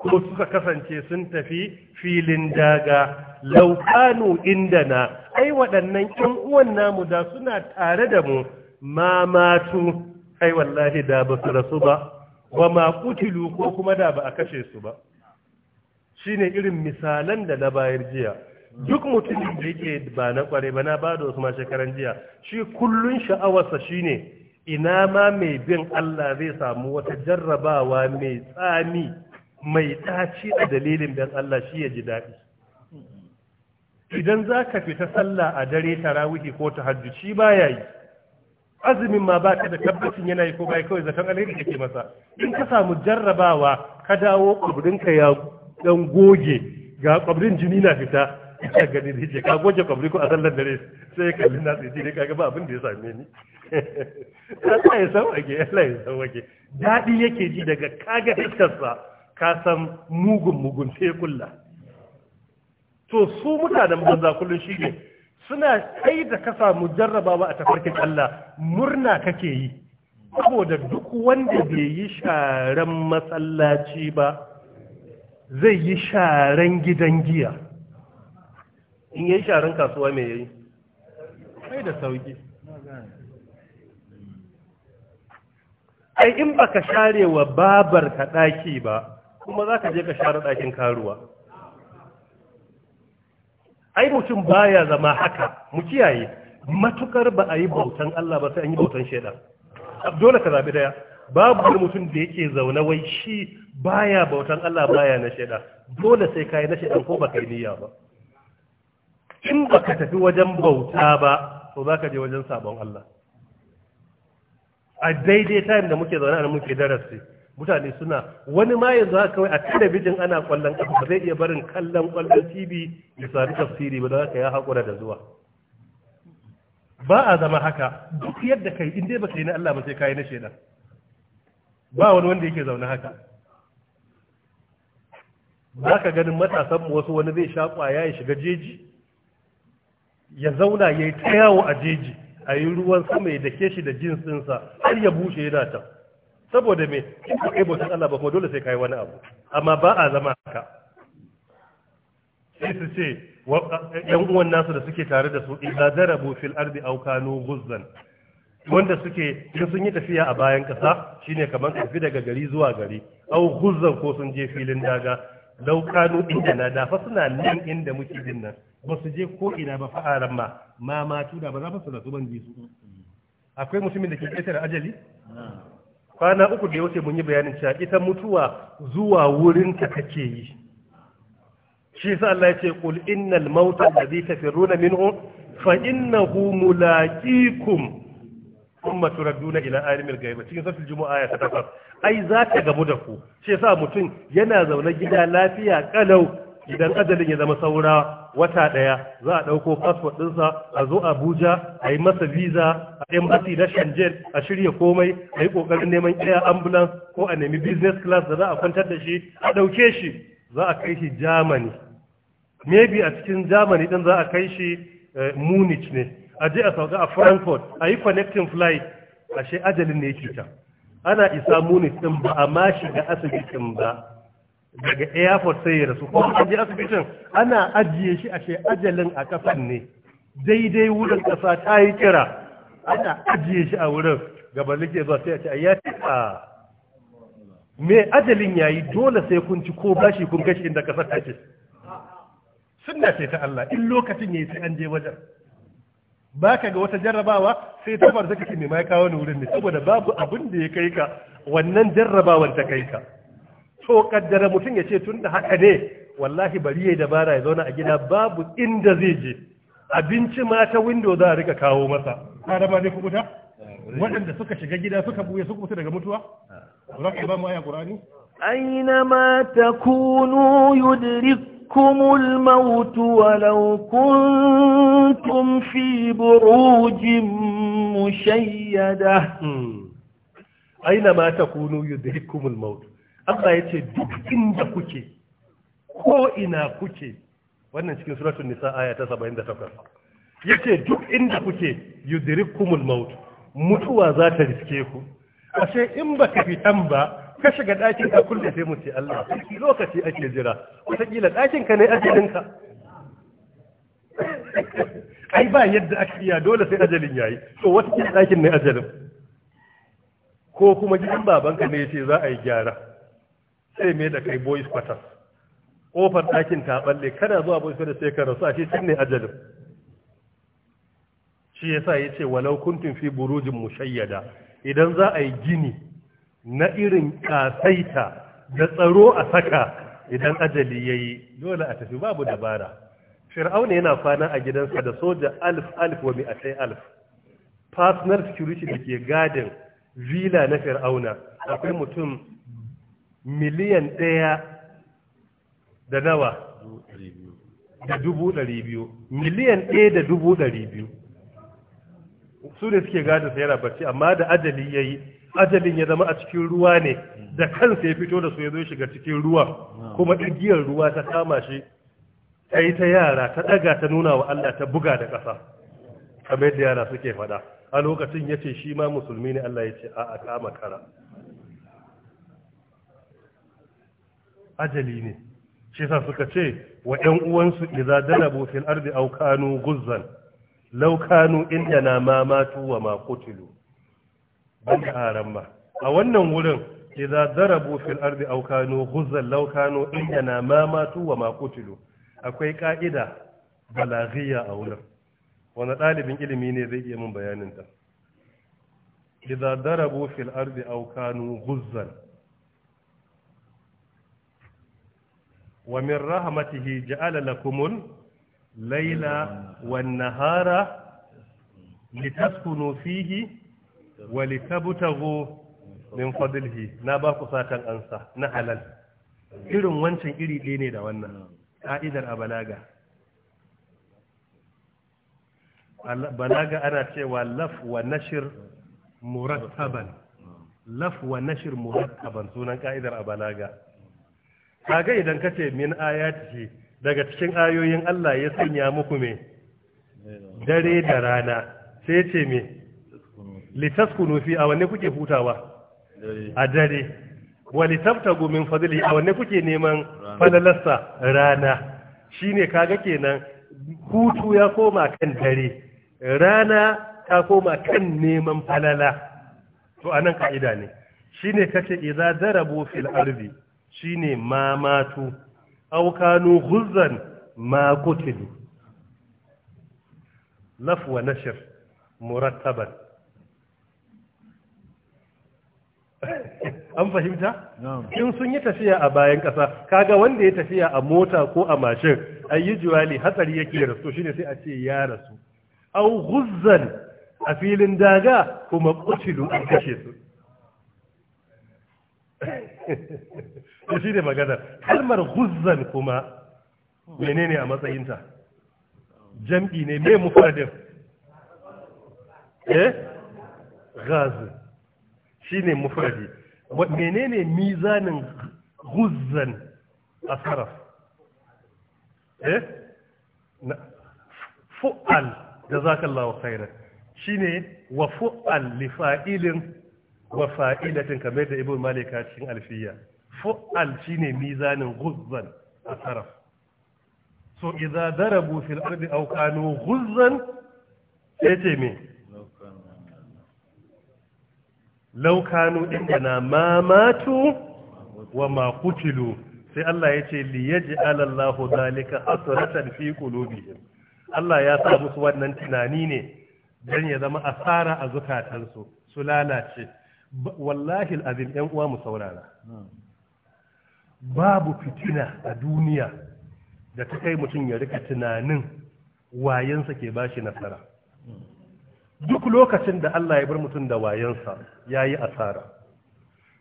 ko suka kasance sun tafi filin daga laukanu inda na ai waɗannan ƙin uwan namu da suna tare da mu ma matu ai wallahi da ba su rasu ba wa ma kutilu ko kuma da ba a kashe su ba Shi ne irin misalan da na bayar jiya duk mutumin da yake ba na kware ba na ba da wasu ma shekaran jiya shi kullun sha'awarsa shi ne. ina ma mai bin Allah zai samu wata jarrabawa mai tsami mai daci a dalilin dan Allah shi ya ji daɗi idan za ka fita sallah a dare tarawihi ko ta hajji shi ba ya yi azumin ma ba ka da tabbacin yana yi ko ba kawai zaton alheri kake masa in ka samu jarrabawa ka dawo ka ya ɗan goge ga ƙwabrin jini na fita ina gani da ka goge ƙwabri ko a sallar dare sai ka kalli na tsiji ne kaga ba abin da ya same ni Allah ya sauke Allah ya sauke Daɗi yake ji daga kaga hikarsa. ka san mugun mugun sai kulla to su mutanen banza kullum shi ne suna kai da ka samu jarrabawa a tafarkin Allah murna kake yi saboda duk wanda bai yi sharan matsalaci ba zai yi sharan gidan giya in yi sharan kasuwa mai yayi kai da sauki ai in baka share wa babar ka daki ba kuma za ka je ka share ɗakin karuwa ai mutum baya zama haka mu kiyaye matukar ba a yi bautan Allah ba sai an yi bautan shaidan dole ka zabi daya babu wani mutum da yake zaune wai shi baya bautan Allah baya na shaidan dole sai kai na shaidan ko baka yi niyya ba in baka tafi wajen bauta ba to zaka je wajen sabon Allah a daidai time da muke zaune a muke darasi mutane suna wani ma yanzu haka kawai a talabijin ana kwallon kafa ba zai iya barin kallon kwallon tv ya sami tafsiri ba da haka ya haƙura da zuwa ba a zama haka duk yadda kai in dai kai na Allah ba sai kai na shedan ba wani wanda yake zaune haka Ba ka ganin matasan wasu wani zai sha kwaya ya shiga jeji ya zauna ya yi ta yawo a jeji a yi ruwan sama ya dake shi da jinsinsa, har ya bushe yana ta saboda me in kai bautan Allah ba kuma dole sai kai wani abu amma ba a zama haka sai su ce yan uwan nasu da suke tare da su idza darabu fil ardi aw kanu ghuzzan wanda suke in sun yi tafiya a bayan kasa shine kamar tafi daga gari zuwa gari aw ghuzzan ko sun je filin daga law kanu inda na da fa suna nan inda muke din nan ba su je ko ina ba fa'aran ma ma ma tuda ba za su rasu ban ji su akwai mutumin da ke ƙetare ajali kwana uku da ya wuce mun yi bayanin cewa ita mutuwa zuwa wurin ta kake yi shi sa Allah ya ce qul innal mauta alladhi tafiruna minhu fa innahu mulaqikum thumma turaduna ila alimil ghaibi cikin suratul jumu'a ya takwas ai za ta gamu da ku shi sa mutum yana zaune gida lafiya kalau idan ajalin ya zama saura wata ɗaya za a ɗauko fasfot ɗinsa a zo abuja a yi masa visa a embassy na shenzhen a shirya komai a yi ƙoƙarin neman air ambulance ko a nemi business class da za a kwantar da shi a ɗauke shi za a kai shi germany maybe a cikin germany ɗin za a kai shi eh, munich ne a je a sauka a frankfurt a yi connecting flight ashe ajalin ne yake ta ana isa munich ɗin ba a ma shiga asibitin ba daga airport sai ya rasu kuma an je asibitin ana ajiye shi a ashe ajalin a kasan ne daidai wurin kasa ta yi kira ana ajiye shi a wurin gaban like zuwa sai a ce ce a ah. me ajalin ya yi dole sai kun ci ko bashi kun kashi inda kasa ta ce sunna ce ta Allah in lokacin ya yi sai an je wajen ka ga wata jarrabawa sai ta zaka ce mai ma ya kawo ni wurin ne saboda babu abin da ya kai ka wannan jarrabawan ta kai ka to kaddara mutum ya ce tun da haka ne wallahi bari ya dabara ya zauna a gida babu inda zai je abinci ma ta window za a rika kawo masa har ma dai kubuta waɗanda suka shiga gida suka buye suka mutu daga mutuwa ka ba mu aya qur'ani أينما تكونوا يدرككم الموت kuntum fi burujin mushayyada hmm. aina ma takunu yudrikumul maut Allah ya ce duk inda kuke ko ina kuke wannan cikin suratul nisa aya ta 78 yace duk inda kuke yudrikumul maut mutuwa za ta riske ku ashe in baka fitan ba ka shiga ɗakin ka kulle sai mu ce Allah lokaci ake jira kila dakin ka ne ajalin ka ai ba yadda aka iya dole sai ajalin yayi to kila ɗakin ne ajalin ko kuma gidan babanka ne yace za a yi gyara sai mai da kai boys quarters kofar ɗakin ta balle Kada zuwa boys quarters sai ka rasu a shi ne ajalin shi ya sa ya ce walau kuntun fi burujin mushayyada idan za a yi gini na irin kasaita da tsaro a saka idan ajali ya yi, dole a tafi babu dabara fir'auna yana kwana a gidansa da soja alif alif wa mi'atai alif. personal security da ke gadin villa na fir'auna akwai mutum miliyan ɗaya da nawa da dubu ɗari biyu miliyan ɗaya da dubu ɗari biyu su ne suke gada sai yana barci amma da ajali ya yi ajalin ya zama a cikin ruwa ne da kansa ya fito da su ya zo shiga cikin ruwa. kuma igiyar ruwa ta kama shi ta yi ta yara ta ɗaga ta nuna wa Allah ta buga da ƙasa kamar yadda yara suke faɗa a lokacin ya ce shi ma musulmi ne Allah ya ce a a kama kara ajali ne shi yasa suka ce wa ƴan uwansu idza dalabu fil ardi aw kanu guzzan law kanu indana ma matu wa ma qutilu ban haram ba a wannan wurin idza darabu fil ardi aw kanu guzzan law kanu indana ma matu wa ma qutilu akwai ka'ida balaghiya a wurin wani ɗalibin ilimi ne zai iya min bayanin ta idza darabu fil ardi aw kanu guzzan wa min rahmatihi ja'ala lakumul laila wan nahara litaskunu fihi wa litabtaghu min fadlihi na ba ku satan ansa na halal irin wancan iri ɗaya ne da wannan ka'idar a balaga balaga ana cewa laf wa nashir murattaban laf wa nashir murattaban sunan ka'idar a balaga kaga idan ka ce min ayatihi daga cikin ayoyin Allah ya sanya muku me dare da rana sai ce me litaskunu fi a wanne kuke hutawa a dare wa litaftagu min fadli a wanne kuke neman falalasta rana shine kaga kenan hutu ya koma kan dare rana ta koma kan neman falala to anan ka'ida ne shine kace idza darabu fil ardi shine ma matu aw kanu ghuzzan ma qutilu laf wa nashr murattaban an fahimta in sun yi tafiya a bayan ƙasa kaga wanda ya tafiya a mota ko a mashin ayi juwali hatsari yake rasu shine sai a ce ya rasu aw ghuzzan a filin daga kuma kutilu an kashe su da shi ne magana kalmar guzzan kuma menene a matsayinta jam'i ne mai mufradin eh gazi shi ne mene menene mizanin guzzan a sarraf eh fu'al da za ka lawa khairar shi ne wa fu'al lifailin wa fa'ilatin kamar da ibn malika cikin alfiya fu'al shine mizanin guzzan a saraf so idza darabu fil ardi aw kanu guzzan yace me law kanu na ma wa ma qutilu sai Allah yace li yaj'ala Allahu zalika hasratan fi qulubihim Allah ya sa musu wannan tunani ne dan ya zama asara a zukatansu su lalace wallahi al'azim ‘yan uwa mu saurara hmm. babu fitina a duniya da ta kai mutum ya rika tunanin wayansa ke bashi nasara duk lokacin da Allah ya bar mutum da wayansa ya yi asara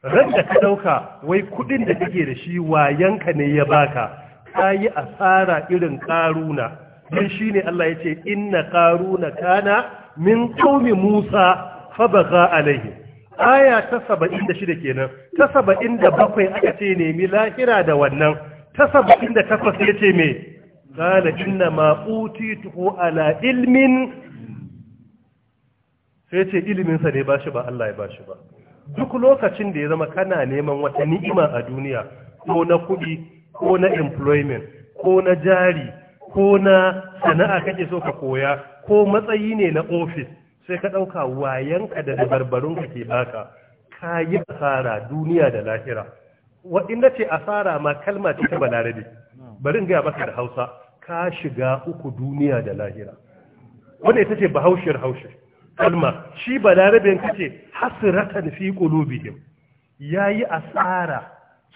ran da ka ɗauka wai kudin da kake da shi wayanka ne ya baka ka yi asara irin ƙaruna don shi ne Allah ya ce inna karuna kana min kaumi musa fa ba alaihi aya ta saba'in da shida kenan ta saba'in da bakwai aka ce nemi lahira da wannan ta saba'in da takwas ya ce me kala inna ma utituhu ala ilmin sai ce iliminsa ne ba shi ba Allah ya ba shi ba duk lokacin da ya zama kana neman wata ni'ima a duniya ko na kuɗi ko na employment ko na jari ko na sana'a kake so ka koya ko matsayi ne na ofis. sai ka ɗauka wayanka da dabarbarunka ke baka ka yi asara duniya da lahira waɗanda ce asara ma kalma ce ta balarabe bari in gaya maka da hausa ka shiga uku duniya da lahira wanda ita ce bahaushiyar haushe kalma shi balarabe ka ce hasratan fi qulubihim yayi asara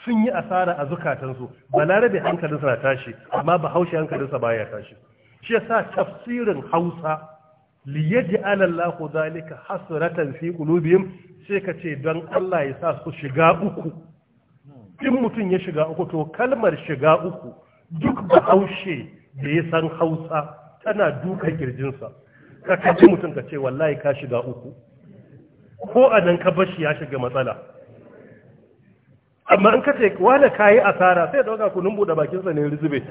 sun yi asara a zukatansu balarabe hankalinsa na tashi amma bahaushe hankalinsa baya tashi shi yasa tafsirin hausa liyaji alallahu zalika hasratan fi qulubihim sai ka ce don Allah ya sa su shiga uku in mutum ya shiga uku to kalmar shiga uku duk bahaushe da ya san Hausa tana duka kirjinsa ka kaji mutum ka ce wallahi ka shiga uku ko a nan ka bashi ya shiga matsala amma in ka ce wani kayi asara sai dauka kunun buɗe bakinsa ne rizube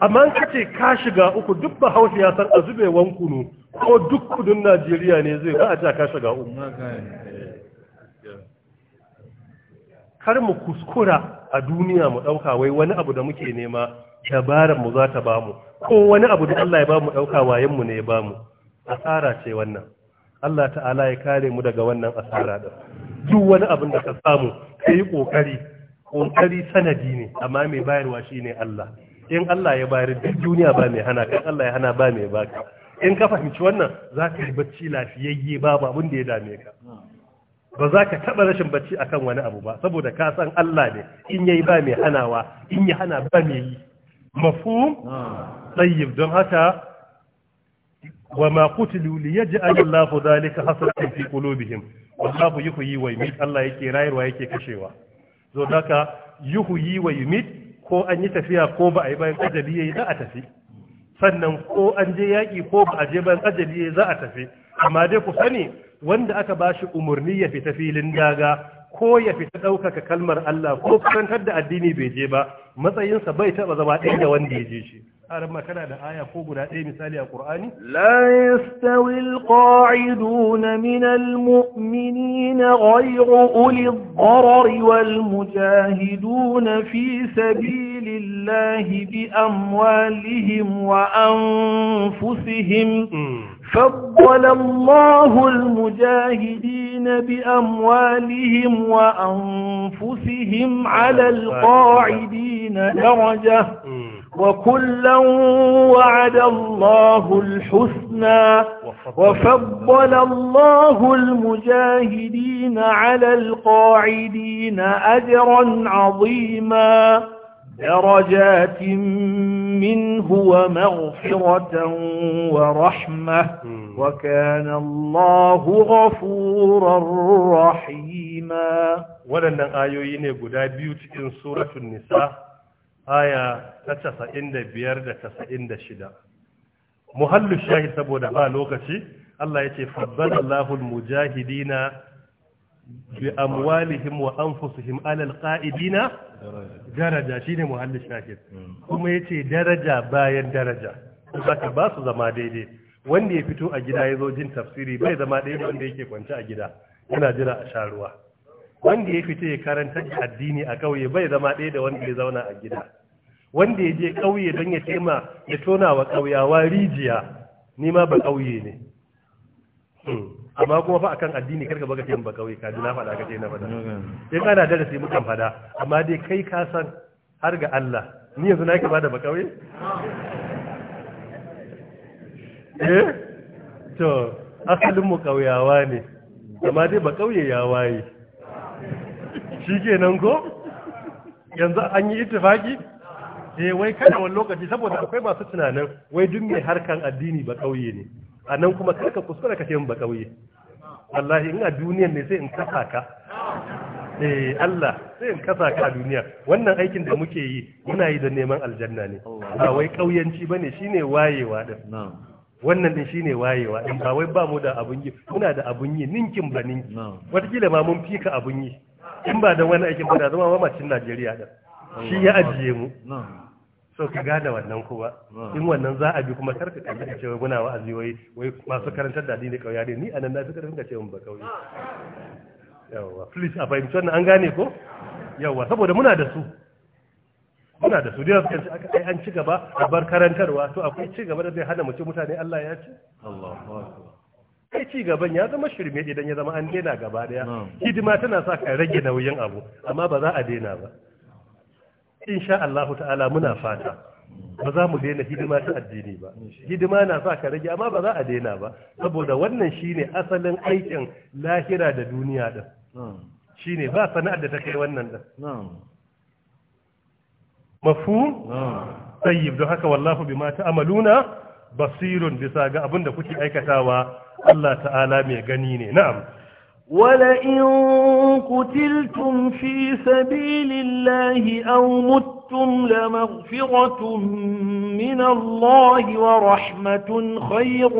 amma ka kace ka shiga uku duk bahaushe ya san a zubewan kunu ko duk kudin najeriya ne zai ba a ce ka shiga uku kar mu kuskura a duniya mu ɗauka wai wani abu da muke nema dabaran mu za ta bamu ko wani abu da Allah ya bamu ɗauka wayen mu ne ya bamu asara ce wannan Allah ta'ala ya kare mu daga wannan asara din duk wani abin da ka samu kai kokari kokari sanadi ne amma mai bayarwa shine Allah in Allah ya bayar duk duniya ba mai hana kan Allah ya hana ba mai baka in ka fahimci wannan za ka yi bacci lafiyayye babu abin da ya dame ka ba za ka taɓa rashin bacci akan wani abu ba saboda ka san Allah ne in yayi ba mai hanawa in ya hana ba mai yi mafhum tayyib don haka wa ma qutilu li yaj'al Allahu dhalika hasratan fi qulubihim wallahu yuhyi wa yumit Allah yake rayarwa yake kashewa zo haka yuhyi wa yumit ko an yi tafiya ko ba a yi bayan ajali yayi za a tafi sannan ko an je yaƙi ko ba a je bayan ajali yayi za a tafi amma dai ku sani wanda aka ba shi umarni ya fita filin daga ko ya fita ɗaukaka kalmar Allah ko karantar da addini bai je ba matsayinsa bai taɓa zama ɗaya da wanda ya je shi هذا أي مثال يا لا يستوي القاعدون من المؤمنين غير أولي الضرر والمجاهدون في سبيل الله بأموالهم وأنفسهم فضل الله المجاهدين بأموالهم وأنفسهم على القاعدين درجة وكلا وعد الله الحسنى وفضل الله المجاهدين على القاعدين أجرا عظيما درجات منه ومغفرة ورحمة وكان الله غفورا رحيما ولن آيوين قدابيوت إن سورة النساء aya ta casa'in da biyar da casa'in da shida muhallu shahi saboda ba lokaci Allah ya ce Allahul mujahidina bi amwalihim wa anfusihim ala alqa'idina daraja shine muhallu shahid kuma yace daraja bayan daraja zaka ba su zama daidai wanda ya fito a gida ya zo jin tafsiri bai zama daidai wanda yake kwance a gida yana jira a sharuwa. wanda ya fito ya karanta addini a kauye bai zama ɗaya da wanda ya zauna a gida wanda ya je ƙauye don ya tema ya tona wa ƙauyawa rijiya ni ma ba ƙauye ne hmm. amma kuma fa akan addini karka baka ce ba ƙauye ka na faɗa ka ce na faɗa kana ana darasi mutan faɗa amma dai kai ka san har ga Allah ni yanzu na ke bada ba ƙauye eh to asalin mu ƙauyawa ne amma dai ba ƙauye ya waye shi ko yanzu an yi ittifaki eh wai kada wani lokaci saboda akwai masu tunanin wai duk mai harkan addini ba kauye ne a nan kuma karka kuskura ka ce ba kauye wallahi ina duniyar ne sai in kasa ka eh Allah sai in kasa ka a duniya wannan aikin da muke yi muna yi da neman aljanna ne ba wai kauyanci bane shine wayewa din wannan din shine wayewa in ba wai ba mu da abun yi muna da abun yi ninkin ba ninki wataƙila ma mun fika abun yi in ba da wani aikin ba da zama mamacin Najeriya din shi ya ajiye mu so ka gada wannan kowa in wannan za a bi kuma karka kalli ka ce wai muna wa'azi wai wai masu karantar da addini kauya ne ni anan na fi karfin ka ce mun ba kauye yawa please a fahimci wannan an gane ko yawa saboda muna da su muna da su da suka ce aka ai an ci gaba a bar karantarwa to akwai ci gaba da zai hana mutum mutane Allah ya ci Allahu akbar kai ci gaban ya zama shirme idan ya zama an daina gaba daya hidima tana sa ka rage nauyin abu amma ba za a daina ba sha Allah ta'ala muna fata ba za mu daina hidima ta addini ba hidima na sa ka rage amma ba za a daina ba saboda wannan shine asalin aikin lahira da duniya din hmm. shine ba sana'ar da ta kai wannan din hmm. mafu hmm. tayyib don haka wallahu bima ta'maluna basirun bisa ga abin da kuke aikatawa Allah ta'ala mai gani ne na'am ولئن قتلتم في سبيل الله أو متم لمغفرة من الله ورحمة خير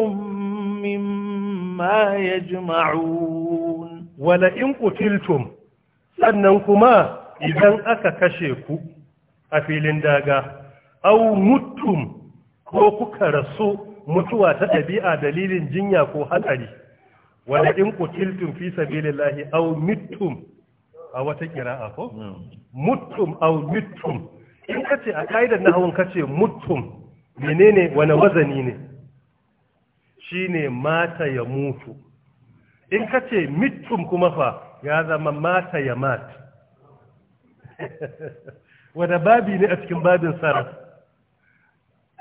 مما يجمعون ولئن قتلتم سننكما إذا أككشيكو أفيلن داغا أو متم ko kuka rasu mutuwa ta ɗabi'a dalilin jinya ko hatsari wala in qutiltum fi sabilillahi aw mittum a wata kira'a ko muttum aw mittum in kace a kaidar nahawun kace muttum menene wani wazani ne shine mata ya mutu in kace mittum kuma fa ya zama mata ya mat wanda babi ne a cikin babin sarar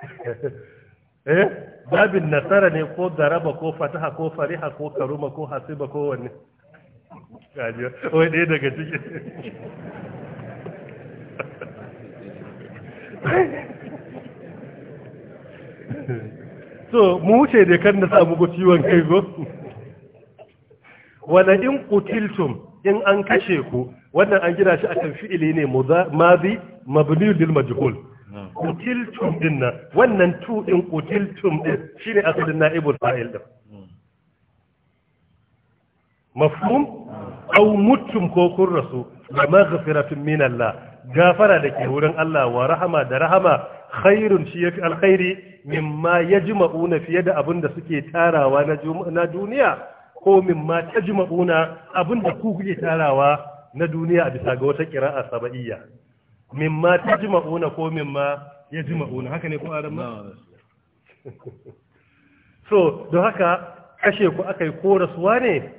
eh babin nasara ne ko daraba ko fataha ko fariha ko karuma ko hasiba ko wanne gajiya wai ɗaya daga ciki so mu wuce da kan da samu ciwon kai zo wala in kutiltum in an kashe ku wannan an gina shi akan fi'ili ne mazi mabni lil majhul kutiltum din nan wannan tu kutiltum din shine asalin na'ibul fa'il din mafhum aw mutum ko kun rasu da maghfiratun min Allah gafara da ke wurin Allah wa rahama da rahama khairun shi yafi alkhairi mimma yajma'una fiye da abin da suke tarawa na duniya ko mimma tajma'una abin da ku kuke tarawa na duniya a bisa ga wata kira'a saba'iyya mimma ta ji ma'una ko mimma ya ji ma'una haka ne ko ma so don haka kashe ku aka yi ko rasuwa ne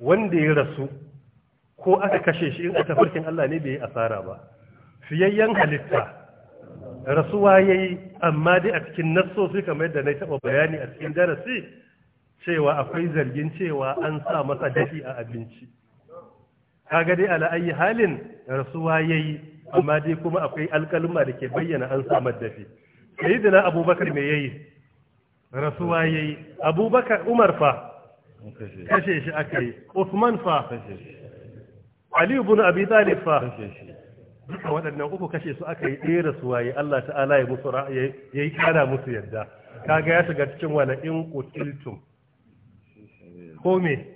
wanda ya rasu ko aka kashe shi in a tafarkin Allah ne bai yi asara ba fiyayyen halitta rasuwa ya yi amma dai a cikin sai kamar da na taɓa bayani a cikin darasi cewa akwai zargin cewa an sa masa dafi a abinci kaga dai ala halin rasuwa ya yi amma dai kuma akwai alkalma da ke bayyana an samar da shi na abubakar me yayi rasuwa yayi abubakar umar fa kashe shi aka yi usman fa ali ibn abi talib fa duka waɗannan uku kashe su aka yi ɗaya rasuwa yayi Allah ta'ala ya musu ya yi kana musu yadda kaga ya shiga cikin wani in qutiltum ko me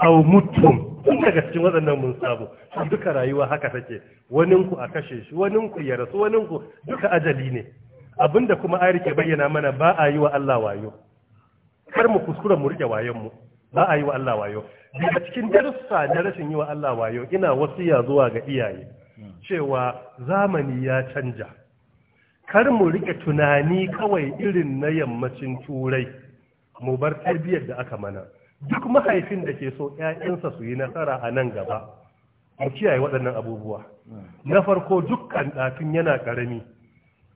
au mutum tun daga cikin waɗannan mun samu duka rayuwa haka take waninku a kashe shi waninku ya rasu waninku duka ajali ne abinda kuma ayar ke bayyana mana ba a yi wa Allah wayo kar mu kuskura mu rike wayon mu ba a yi wa Allah wayo daga cikin darussa na rashin yi wa Allah wayo ina wasiya zuwa ga iyaye cewa zamani ya canja kar mu rike tunani kawai irin na yammacin turai mu bar tarbiyyar da aka mana duk mahaifin da ke so ‘ya'yansa su yi nasara a nan gaba mu kiyaye waɗannan abubuwa na farko dukkan ɗafin yana ƙarami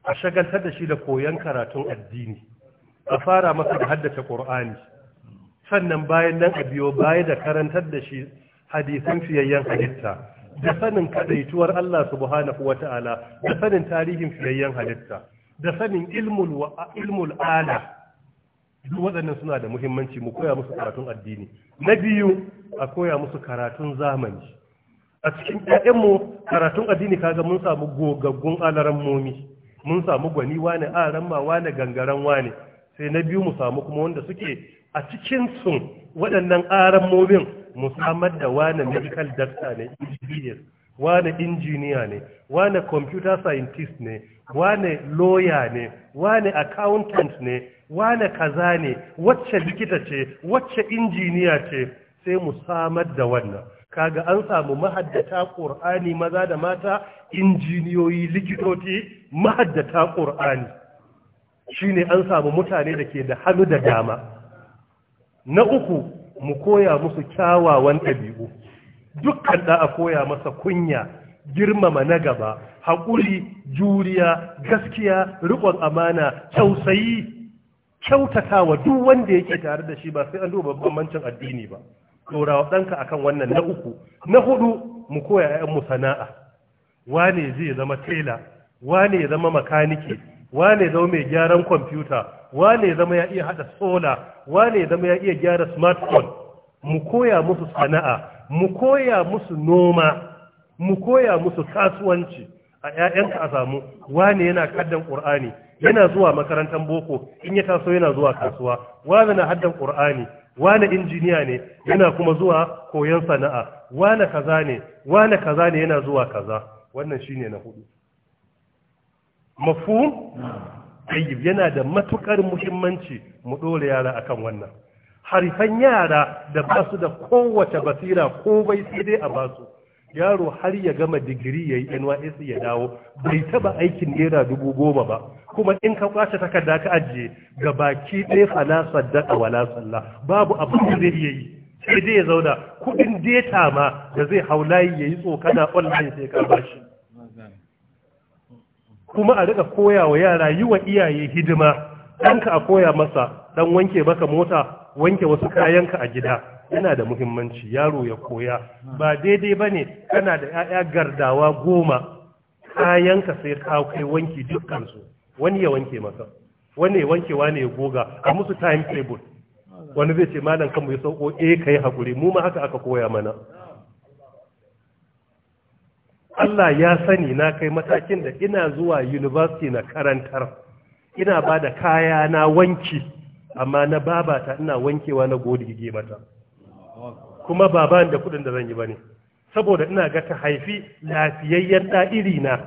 a shagaltar da shi da koyon karatun addini a fara masa da haddace ƙur'ani sannan bayan nan a biyo baya da karantar da shi hadisan fiyayyen halitta da sanin kadaituwar Allah subhanahu da sanin tarihin fiyayyen halitta da sanin ilmul ala duk waɗannan suna da muhimmanci mu koya musu karatun addini na biyu a koya musu karatun zamani a cikin ƴaƴanmu karatun addini kaga mun samu gogaggun alaran momi mun samu gwani wane aran ma wane gangaren wane sai na biyu mu samu kuma wanda suke a cikin su waɗannan aran momin mu samar da wane medical doctor ne engineer wane injiniya ne wane computer scientist ne wane lawyer ne wane accountant ne wane kaza ne wacce likita ce wacce injiniya ce sai mu samar da wannan kaga an samu mahaddata ƙur'ani maza da mata injiniyoyi likitoci mahaddata ƙur'ani shine an samu mutane da ke da hannu da dama na uku mu koya musu kyawawan ɗabi'u dukkan da a koya masa kunya girmama na gaba haƙuri juriya gaskiya riƙon amana tausayi kyautata wa duk wanda yake tare da shi ba sai an duba bambancin addini ba dora wa ɗanka akan wannan na uku na hudu mu koya ƴaƴanmu sana'a wane zai zama tela wane ya zama makaniki wane ya zama mai gyaran kwamfuta wane ya zama ya iya haɗa sola wane ya zama ya iya gyara smartphone mu koya musu sana'a mu koya musu noma mu koya musu kasuwanci a ƴaƴanka a samu wane yana kaddan ƙur'ani yana zuwa makarantar boko in ya taso yana zuwa kasuwa wani na haddan qur'ani wani injiniya ne yana kuma zuwa koyon sana'a wani kaza ne wani kaza ne yana zuwa kaza wannan shine na hudu mafhum ayyib yana da matukar muhimmanci mu dore yara akan wannan harifan yara da basu da kowace basira ko bai sai dai a basu yaro har ya gama digiri ya yi nysc ya dawo bai taba aikin naira dubu goma ba kuma in ka kwace takarda ka ajiye ga baki ɗaya fala saddaka wala sallah babu abin da zai yi sai dai ya zauna kuɗin data ma da zai hau layi ya yi tsokana online sai ka bashi kuma a rika koya wa yara yi wa iyaye hidima ɗanka a koya masa ɗan wanke maka mota wanke wasu kayanka a gida yana da muhimmanci yaro ya koya ba daidai ba ne kana da 'ya'ya gardawa goma kayanka sai ka kai wanki dukkansu wani ya wanke maka wani ya wankewa wani ya goga a musu time table wani zai ce malam kanmu ya sauko eh yi haƙuri, mu ma haka aka koya mana Allah ya sani na kai matakin da ina zuwa university na karantar ina ba da kaya na wanki amma na babata ina wankewa na godigige mata kuma ba bani da kuɗin da zan yi ba ne saboda ina ga ta haifi lafiyayyen ɗa iri na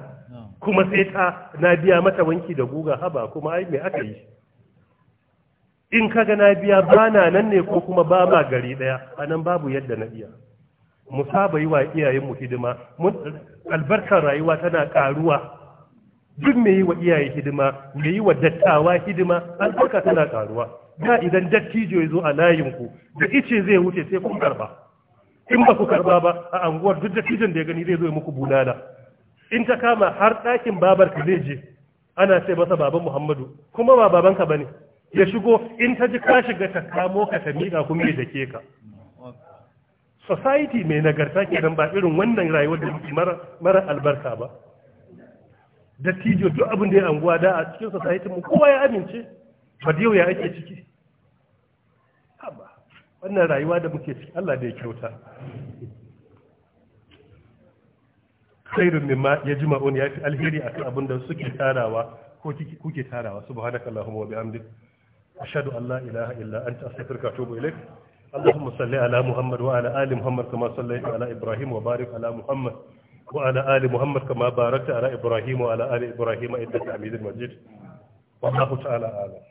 kuma sai ta na biya mata wanki da guga haba kuma ai me aka yi in kaga na biya ba na nan ne ko kuma ba ma gari ɗaya anan babu yadda na iya mu saba yi wa iyayenmu hidima albarkar rayuwa tana karuwa duk me yi wa iyaye hidima me yi wa dattawa hidima albarka tana ƙaruwa. da idan dattijo ya zo a layinku da ice zai wuce sai kun karba in ba ku karba ba a anguwar duk dattijon da ya gani zai zo ya muku bulala in ta kama har ɗakin babar ka zai je ana sai masa baban muhammadu kuma ba babanka ba ne ya shigo in ta ji ka shiga ta kamo ka ta miƙa kuma ya dake ka society mai nagarta nan ba irin wannan rayuwar da mara mara albarka ba dattijo duk abin da ya anguwa da a cikin society mu kowa ya amince ba yau ya ake ciki wannan rayuwa da muke ciki Allah da ya kyauta khairun mimma yajma'un ya fi alheri akan abin da suke tarawa ko kuke tarawa subhanakallahumma wa bihamdik ashhadu an la ilaha illa anta astaghfiruka wa atubu ilaik اللهم صل على محمد وعلى آل ala Ibrahim wa على ala Muhammad. على محمد وعلى آل محمد كما باركت على إبراهيم وعلى آل إبراهيم إنك حميد مجيد والله ta'ala أعلم